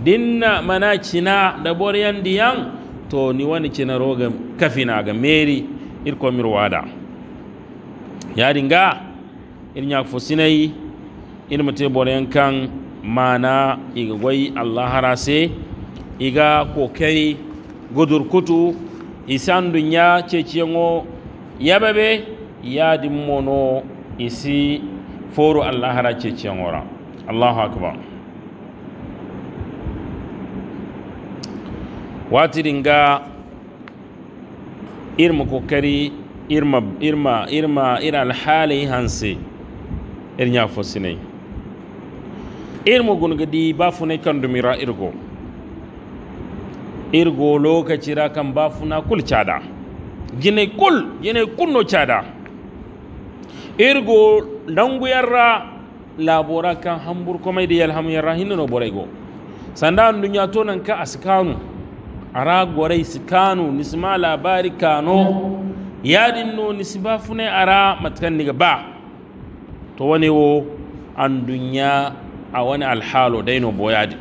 dinna mana cina da boriyan diyan to ni wani cinaro ga kafina ga meri irko mirwada yadinga irnya fusinai irmate boren kan mana iga gwai allah harase iga kokari gudurkutu isan dunya ceciyango yababe yadin mono isi foro allah hara ceciyangora allahu akbar dinga irma kokari irma irma irma ira alhali hanse irnya gun irma ba bafunai kan dumira irgo irgo lokaci ra kan bafuna kul chada gine kul gine kunno chada irgo danguyarra labora kan hambur komai da yalhamu yarra hinno borego sanda dunya to nan ka askanu ara gwarai su kano nisima labari kano yadin no fune ara matakan niga ba to wani wo an dunya a wani alhalo dai no boyadi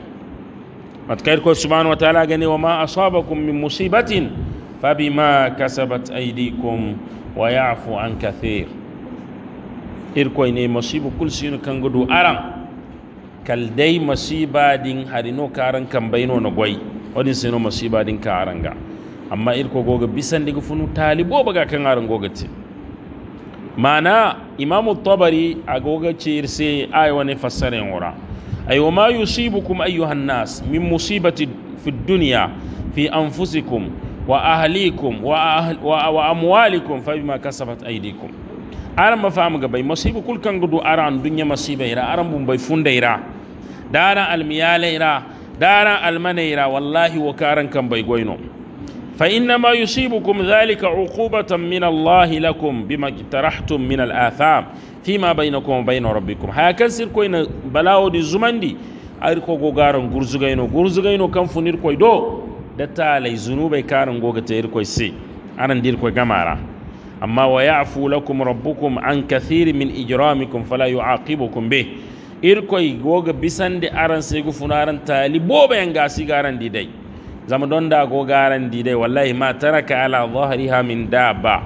matakai ko subhanahu wataala gane wa ma asabakum min musibatin fa bima kasabat aydikum wa ya'fu an kathir irkoy ne musibu kul sinu kangudu aran kal dai masiba harino karan kan na gwai sai n'o masiba din ka aranga amma irko goga bisan diga funu talibo baga kan aran goga ce mana imamu tabari a goga ce irse ay wani fassara wura ay wa ma yusibukum ayyuhan nas min musibati fi dunya fi anfusikum wa ahlikum wa, ahl, wa, amwalikum fa bima kasabat aydikum aran ma famu ga bai masibu kulkan gudu aran dunya masiba ra aran bun bai funda ira dara almiyala ira dara almanayra wallahi wo karan kam bay goyno fa innama yusibukum dhalika uqubatan min allahi lakum bima iktarahtum min al atham fima bainakum wa baina rabbikum haya kan sir koyna balawodi zumandi ari ko go garan gurzugayno gurzugayno kan funir koy da talay zunubay karan goga tayir koy si anan dir koy gamara amma wa ya'fu lakum rabbukum an kathiri min ijramikum fala yu'aqibukum bih irkoy goga bisande aran segu funaran tali boba yanga sigaran didai zama don da go garan didai wallahi ma taraka ala dhahriha min daba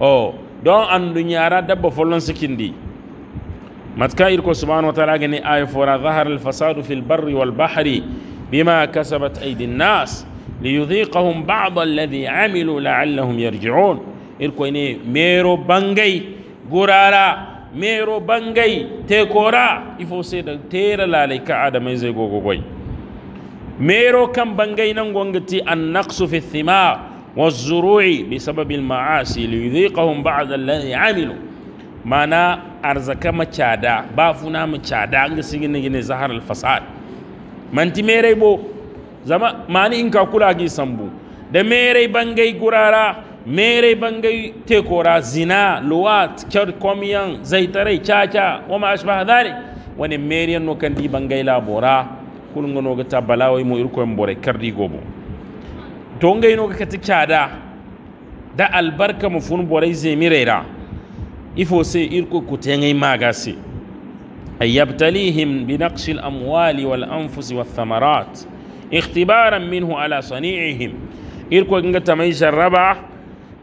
o don andu nyara dabba follon sikindi matka irko subhanahu wa ta'ala gani ay fora dhahara al fasadu fil barri wal bahri bima kasabat aydi nas liyudhiqahum ba'd alladhi amilu la'allahum yarji'un irko ne mero bangai gurara mero bangai te kora ifo se da tera lalai ka adamai zai gogogoi mero kan bangai nan gwangati an naqsu fi thima wa zuru'i bi sababil ma'asi li yudhiqahum ba'd alladhi amilu mana arzaka machada ba funa macada an gisi gine gine zahar al fasad manti mere bo zama mani in ka kula gi sambu da mere bangai gurara mere bangai tekora zina luwat kyar komiyan zaitarai caca wa ma ashba dhalik wani mere no kan di bangai labora kulun gono ga tabalawai mo irko mbore kardi gobo to ngai no ka tikada da albarka mu fun bore zemirera ifo se irko kutengai magasi ayyabtalihim binaqshi al-amwali wal anfusi wath thamarat ikhtibaran minhu ala sani'ihim irko ga mai sharraba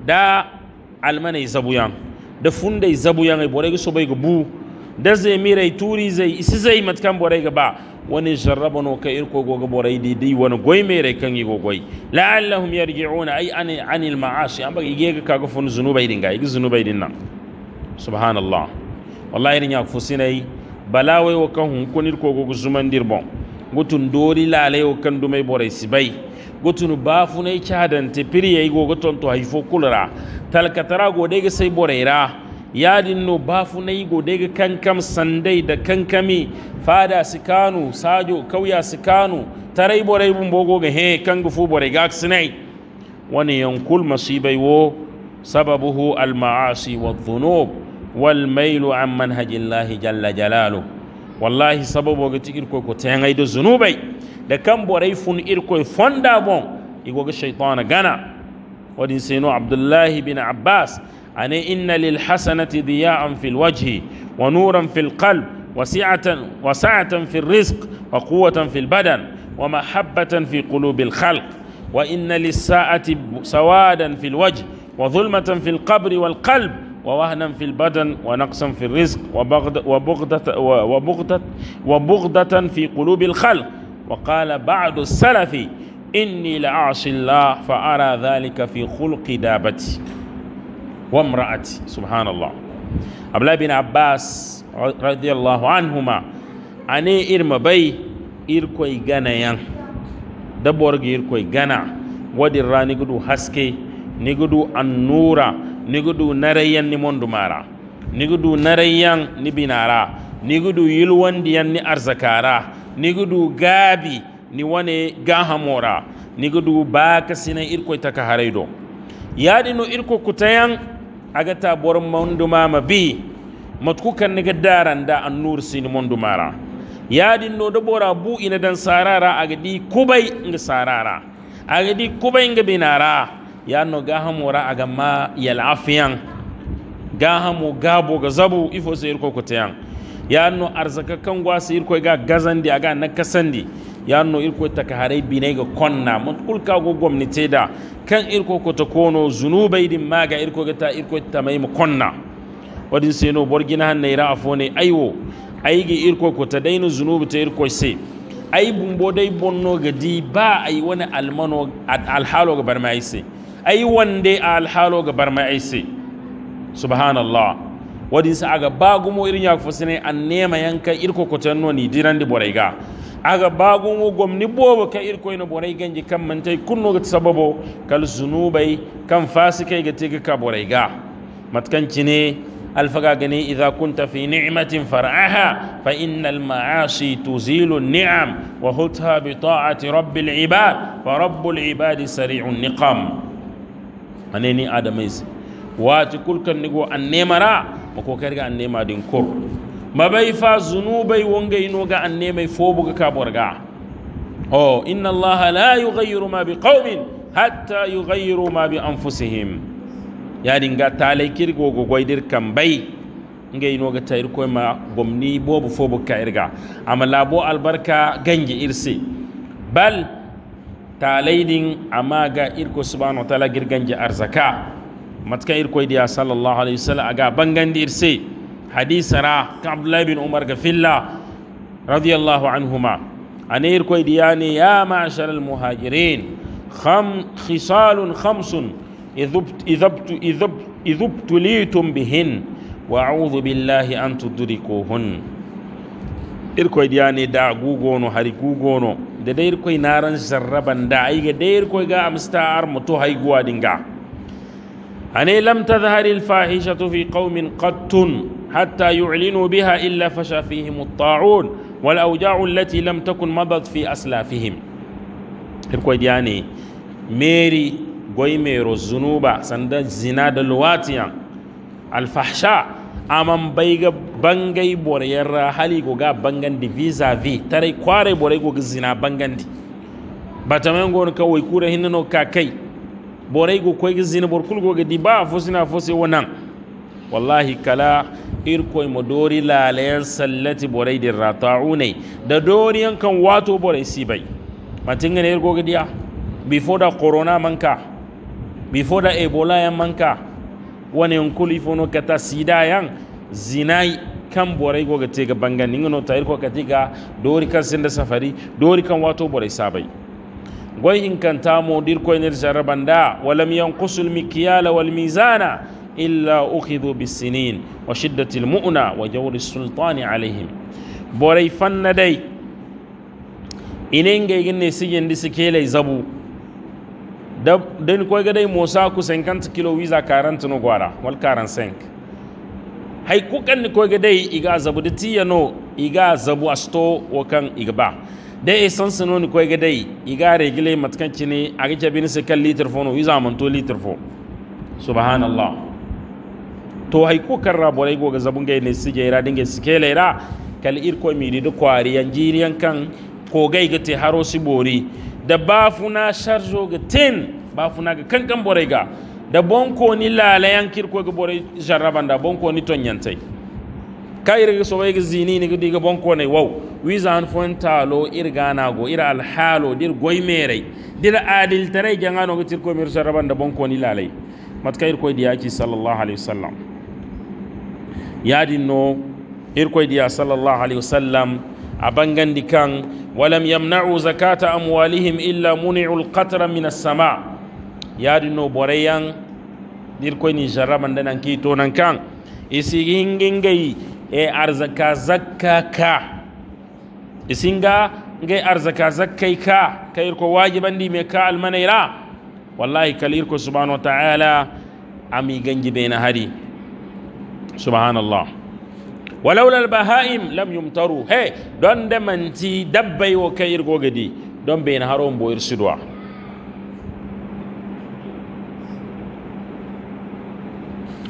da almanai zabuyan da fundai zabuyan e bu da zai mirai turi zai isi zai matkan borai ba wani jarraba no ka irko goga borai dai wani goy mai rai kan yi gogoi la'allahum yarji'una ai ani anil an ba ige ga kaga fun zunubai ige zunubai subhanallah wallahi ya fusinai balawai wa kan hun kunir ko zuman dirbon gutun dori lalai wa kan dumai sibai gotunu bafunai cadante yayi go to haifo kulra talkatara go dege sai boraira yadin no bafunai go dege kankam sandai da kankami fada sikanu sajo kauya sikanu tarai borei bun bogo ga he kangu fu borai ga sinai wani yankul masibai wo sababuhu dhunub Wal mailu an manhajillahi jalla jalalu wallahi sababu ga tikir ko ko tayangai da zunubai لكم بوري فون إيركوي فون دابون يقول الشيطان غنا ودين عبد الله بن عباس أن إن للحسنة ضياء في الوجه ونورا في القلب وسعة وسعة في الرزق وقوة في البدن ومحبة في قلوب الخلق وإن للساءة سوادا في الوجه وظلمة في القبر والقلب ووهنا في البدن ونقصا في الرزق وبغدة وبغدة وبغدة في قلوب الخلق وقال بعض السلف إني لأعصي الله فأرى ذلك في خلق دابتي وامرأتي سبحان الله عبد الله بن عباس رضي الله عنهما أني إرم بي إركوي غنيان دبورغ إركوي غنا ودي راني قدو حسكي نقدو النورا نقدو نريان نموندو مارا نقدو نريان نبنارا نقدو يلوان ديان نأرزكارا nigudu gabi ni wane gahamora nigudu ka sinai irko taka haraido yadi no irko kutayan aga ta bor monduma ma bi matku kan niga da annur sin Mandumara. yadi no da bora bu ina dan sarara aga di kubai nga sarara aga di kubai nga binara ya no gahamora aga ma yal afiyan gahamu gabo ga zabu ifo sai irko kutayan yanno arzaka kan gwasa irko ga gazandi aga na kasandi yanno irko ta kaharai binai ga konna mun kulka go gwamnati da kan irko ko ta kono zunubai din maga irko ga ta irko ta mai mu konna wadin sai no borgina han naira afone aiwo gi irko ko ta dainu zunubu ta irko sai ai bumbo dai bonno ga di ba ai wani almano alhalo ga barma ai sai ai wande alhalo ga barma ai subhanallah wadin sa aga bagumo irin ya ne an nema yanka irko kotanno ni borai ga aga bagumo gomni bobo ka irko ina borai ganji kam mantai kunno ga sababo kal zunubai kan fasikai ga tiga ka ga matkanci ne alfaga gani idza kunta fi ni'matin far'aha fa innal ma'asi tuzilu ni'am wa hutha bi ta'ati rabbil ibad fa rabbul ibadi sari'un niqam aneni adamais wati kulkan nigo an nemara makokari ga anne madin kor mabai fa zunubai wonga ino ga anne mai fobu ga kabuwar ga oh inna allaha la yughayyiru ma hatta yughayyiru ma bi anfusihim ya talai kirgo go goidir bai nga ino ga tayir ma gomni bobu fobu ka irga amma albarka gangi bal talaidin amma irko subhanahu wa ta'ala girganje arzaka matka ir irkoy diya sallallahu alaihi wasallam aga bangandi irse hadisa ra ka bin umar ga filla radiyallahu anhuma ane irkoy diya ni ya ma'ashar al-muhajirin kham khisalun khamsun idhabtu idhabtu idhabtulitum bihin wa a'udhu billahi an tudrikuhun irkoy diya ni da gugono hari gugono da dai irkoy naran sarraban da ai ga dai ga amsta ar mutu haiguwa dinga أني لم تظهر الفاحشة في قوم قط حتى يعلنوا بها إلا فشى فيهم الطاعون والأوجاع التي لم تكن مضت في أسلافهم إركوي دياني ميري قوي ميرو الزنوبة سند زناد الواتيا الفحشاء أمام bai بانغي بوري borayar hali go ga bangan di visa vi tarai kware borai go zina bangan di ba ta men gon kawai kura borai go koy gi zina bor kulgo ga di ba fosina fose nan wallahi kala irkoy mo dori lalayan sallati borai dir rata'une da dori kan wato borai sibai matinga ne irgo ga diya before da corona manka before da ebola yan manka wani kuli fono kata sida yan zinai kan borai go ga ga bangan ninga no ta irko katiga dori kan sinda safari dori kan wato borai sabai gwai in kan kantamo ɗirkoyner jaraban da walam yankusu lmikyala walmisana illa ukhidu bisinin wa shiddati lmuna wa jawri sultani alayhim boray fanna day inen geyginne sigendi sikelay zabu den ga dai musa ku 50 kilo visa 40 no gwara wal 45 hay kukanni ga dai iga zabu de tiyano iga zabu asto wakan igba da ya san noni koy ga dai iga regle ne cini aga bin su kan litir fo no iza man to liter fo subhanallah to hay ko karra boray go ga zabun ga ne sije ira dinge sikele laira kal ir ko mi di kwari yan jiriyan kan ko gai ga te haro si bori da bafuna sharjo ga ten bafuna ga kankan borai ga da bonko ni lalayan kirko ga borai jarraban da bonko ni tonyantai ga soba ga zini ni diga bonko ne fon talo fontalo irgana go ira alhalo dir mere dir adil tare jangano go tirko mir saraban da bonko ni lalai kayir koy diya ci sallallahu alaihi wasallam yadi no ir koy diya sallallahu alaihi wasallam abangandi kan walam yamna'u zakata amwalihim illa muni'u alqatra min as-sama yadi no boreyan dir koy ni jaraban nan ki to nan kan isi hingingai e arzaka zakka ka isinga ngai arzaka zakkai ka kayir ko di mai ka almanayra wallahi kalir ko subhanahu wa ta'ala ami ganji bena hari subhanallah walawla albahaim lam yumtaru he don de manti dabbay wo kayir go gadi don bena haro mboyir sidwa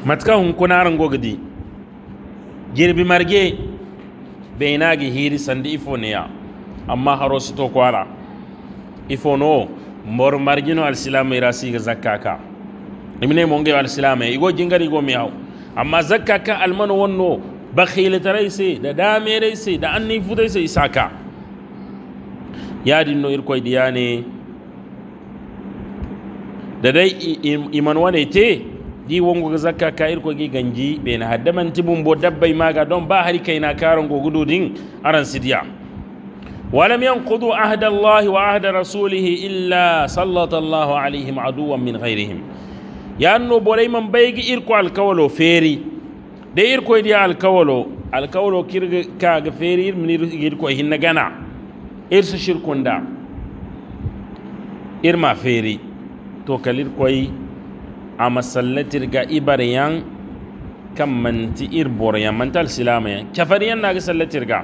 matka hun kunaran go gadi girbi marge na ga hiri sandi ifo neya amma haro to kwara ifo no mbor margino alsilama ira siga zakka ka imine monge alsilama igo jingari go miyaw amma zakaka al almano wonno bakhil tarai se da damere raisi da anni futai saka ya yadin no irkoy diyane da dai iman wane te di wongo ga zakka ka ko gi ganji be na hadda tibum bo dabbay maga don ba hari kaina karon go gududin aran sidiya walam yanqudu ahda allah wa ahda rasulih illa sallata allah alaihim aduwan min ghairihim ya no bore man baygi irko alkawlo feri de irko di alkawlo alkawlo kirga ka ga feri min irko hinna gana irsu shirkunda irma feri to kalir koi amasallatirga ibariyan kan manti yan mantal silamayan ga. naga sallatirga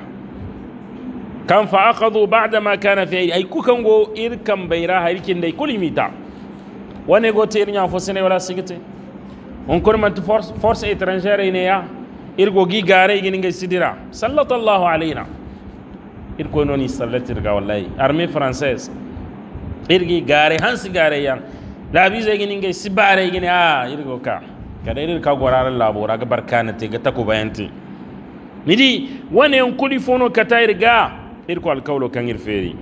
kan fa akhadhu ba'da ma kana fi ay kukan go ir kan bayra harkin dai kulimita wane go te irnya fo sene wala sigite on kur manti force force étrangère ne ya ir go gi gare igin ngai sidira sallallahu alaina ir ko noni sallatirga wallahi armée française ir gi gare hansi gare yan labiza gini ngai ah, sibare gini a irgo ka kada irgo ka gorara labo raga barkana te gata ko bayanti midi wane on kuli fono kata irga irko al kawlo kan irferi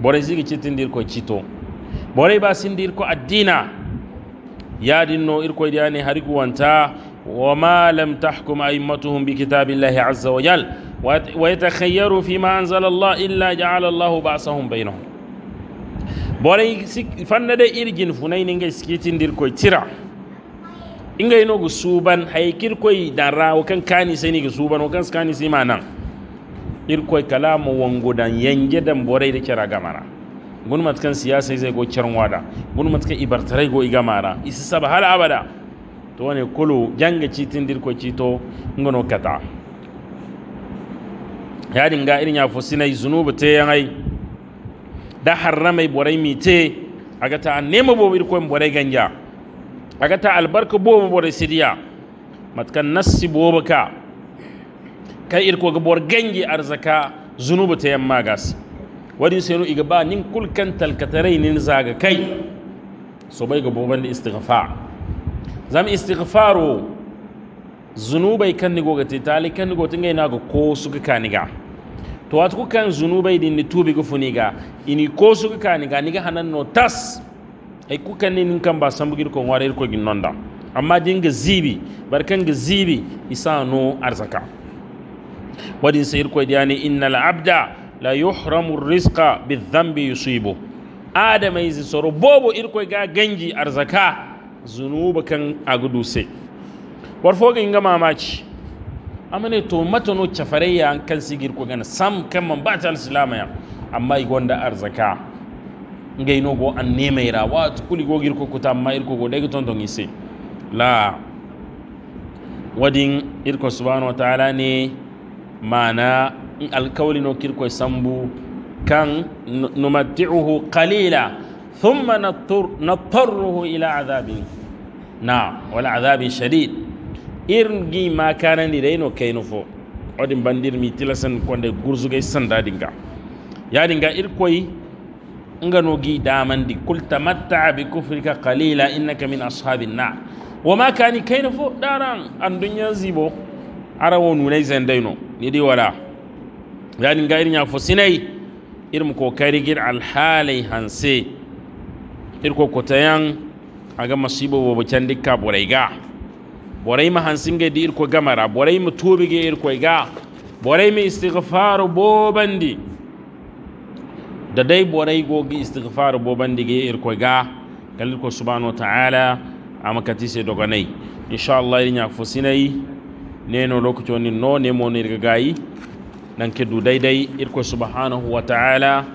bore zigi chitin dir ko chito bore ba sindir ko adina yadin no irko diani hariku wanta wama lam tahkum aimmatuhum bi kitabillahi azza wajal wa yatakhayyaru fima anzala allah illa ja'ala allah ba'sahum bainahum boray fanna de irgin funay ninga skitindir koy tira inga ino gu suban kir koy o kan kani sai ni gu suban kan kani sai manan ir koy kalamu wangu dan yenge dan boray da kira gamara gun matkan siyasa sai go kiran wada gun matkan ibartarai go igamara isi saba hal abada to ne kulu janga citindir koy cito ngono kata ya dinga irin ya fosinai zunubu te yangai da i borai mite aga ta nema bobir ko borai ganja aga ta albarka bobo borai sidiya matkan nassi ka kai irko ga bor ganji arzaka zunubu ta yamma gas wadin sai no iga ba nin kulkan talkatarai nin zaga kai so bai ga boban da istighfar zam istighfaro zunubai kan ni goga te tali kan ni gotin ga ina ga ko suka kaniga to watu kan zunubai din ni tubi ga ini su ka ni ga ni ga hanan no tas ai kukan ni nin kan ba bugir ko ngware ko gin nonda amma din ga zibi barkan ga zibi isa no arzaka wadin sayir ko diyani innal abda la yuhramu rizqa dhanbi yusibu adama izi soro bobo ko ga ganji arzaka zunuba kan agudu sai warfo ga mamaci amane to matano cafareya an kan sigir ko gana sam kan man bata alsilama ya amma i gonda arzaka ngai no go an nemaira wa kuli go gir ko kuta amma ir ko go dai ton ton ise la wadin irko subhanahu wa ta'ala ne mana in alkawli no kir ko sambu kan numati'uhu qalila thumma nattaruhu ila adhabin na wal adhabin shadid irin ma kanan da ino kai fo odi bandir mi tilasan kwanda gurzugai sanda dinga ya ir koy nga no gi daman di kul tamatta bi kufrika qalila innaka min ashabin na wama kani kai fo daran an dunya zibo ara wonu zen dayno ni di wala ya nga irin ya fo sinai irin kari gir alhalai hanse ko kotayan aga masibo bo can dikka borai ga Borai ma hansinge di irko gamara boray ma tuubige irko ga boray ma istighfaru bobandi da dai borai gogi istighfaru bobandi ge irko ga ko subhanahu wa ta'ala amakati se Insha inshallah ri nyaak fusinai neno lokaci ni no ne mo ne gayi nan ke du daidai irko subhanahu wa ta'ala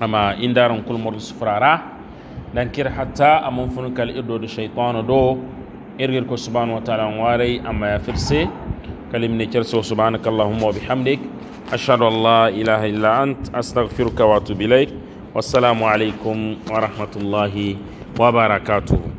amma indaron kul sufrara nan kir hatta amun funkal irdo do shaytanu do إرجل كو سبحانه وتعالى واري أما يفرسي كلمني كرسو سبحانك اللهم وبحمدك أشهد أن لا إله إلا أنت أستغفرك وأتوب إليك والسلام عليكم ورحمة الله وبركاته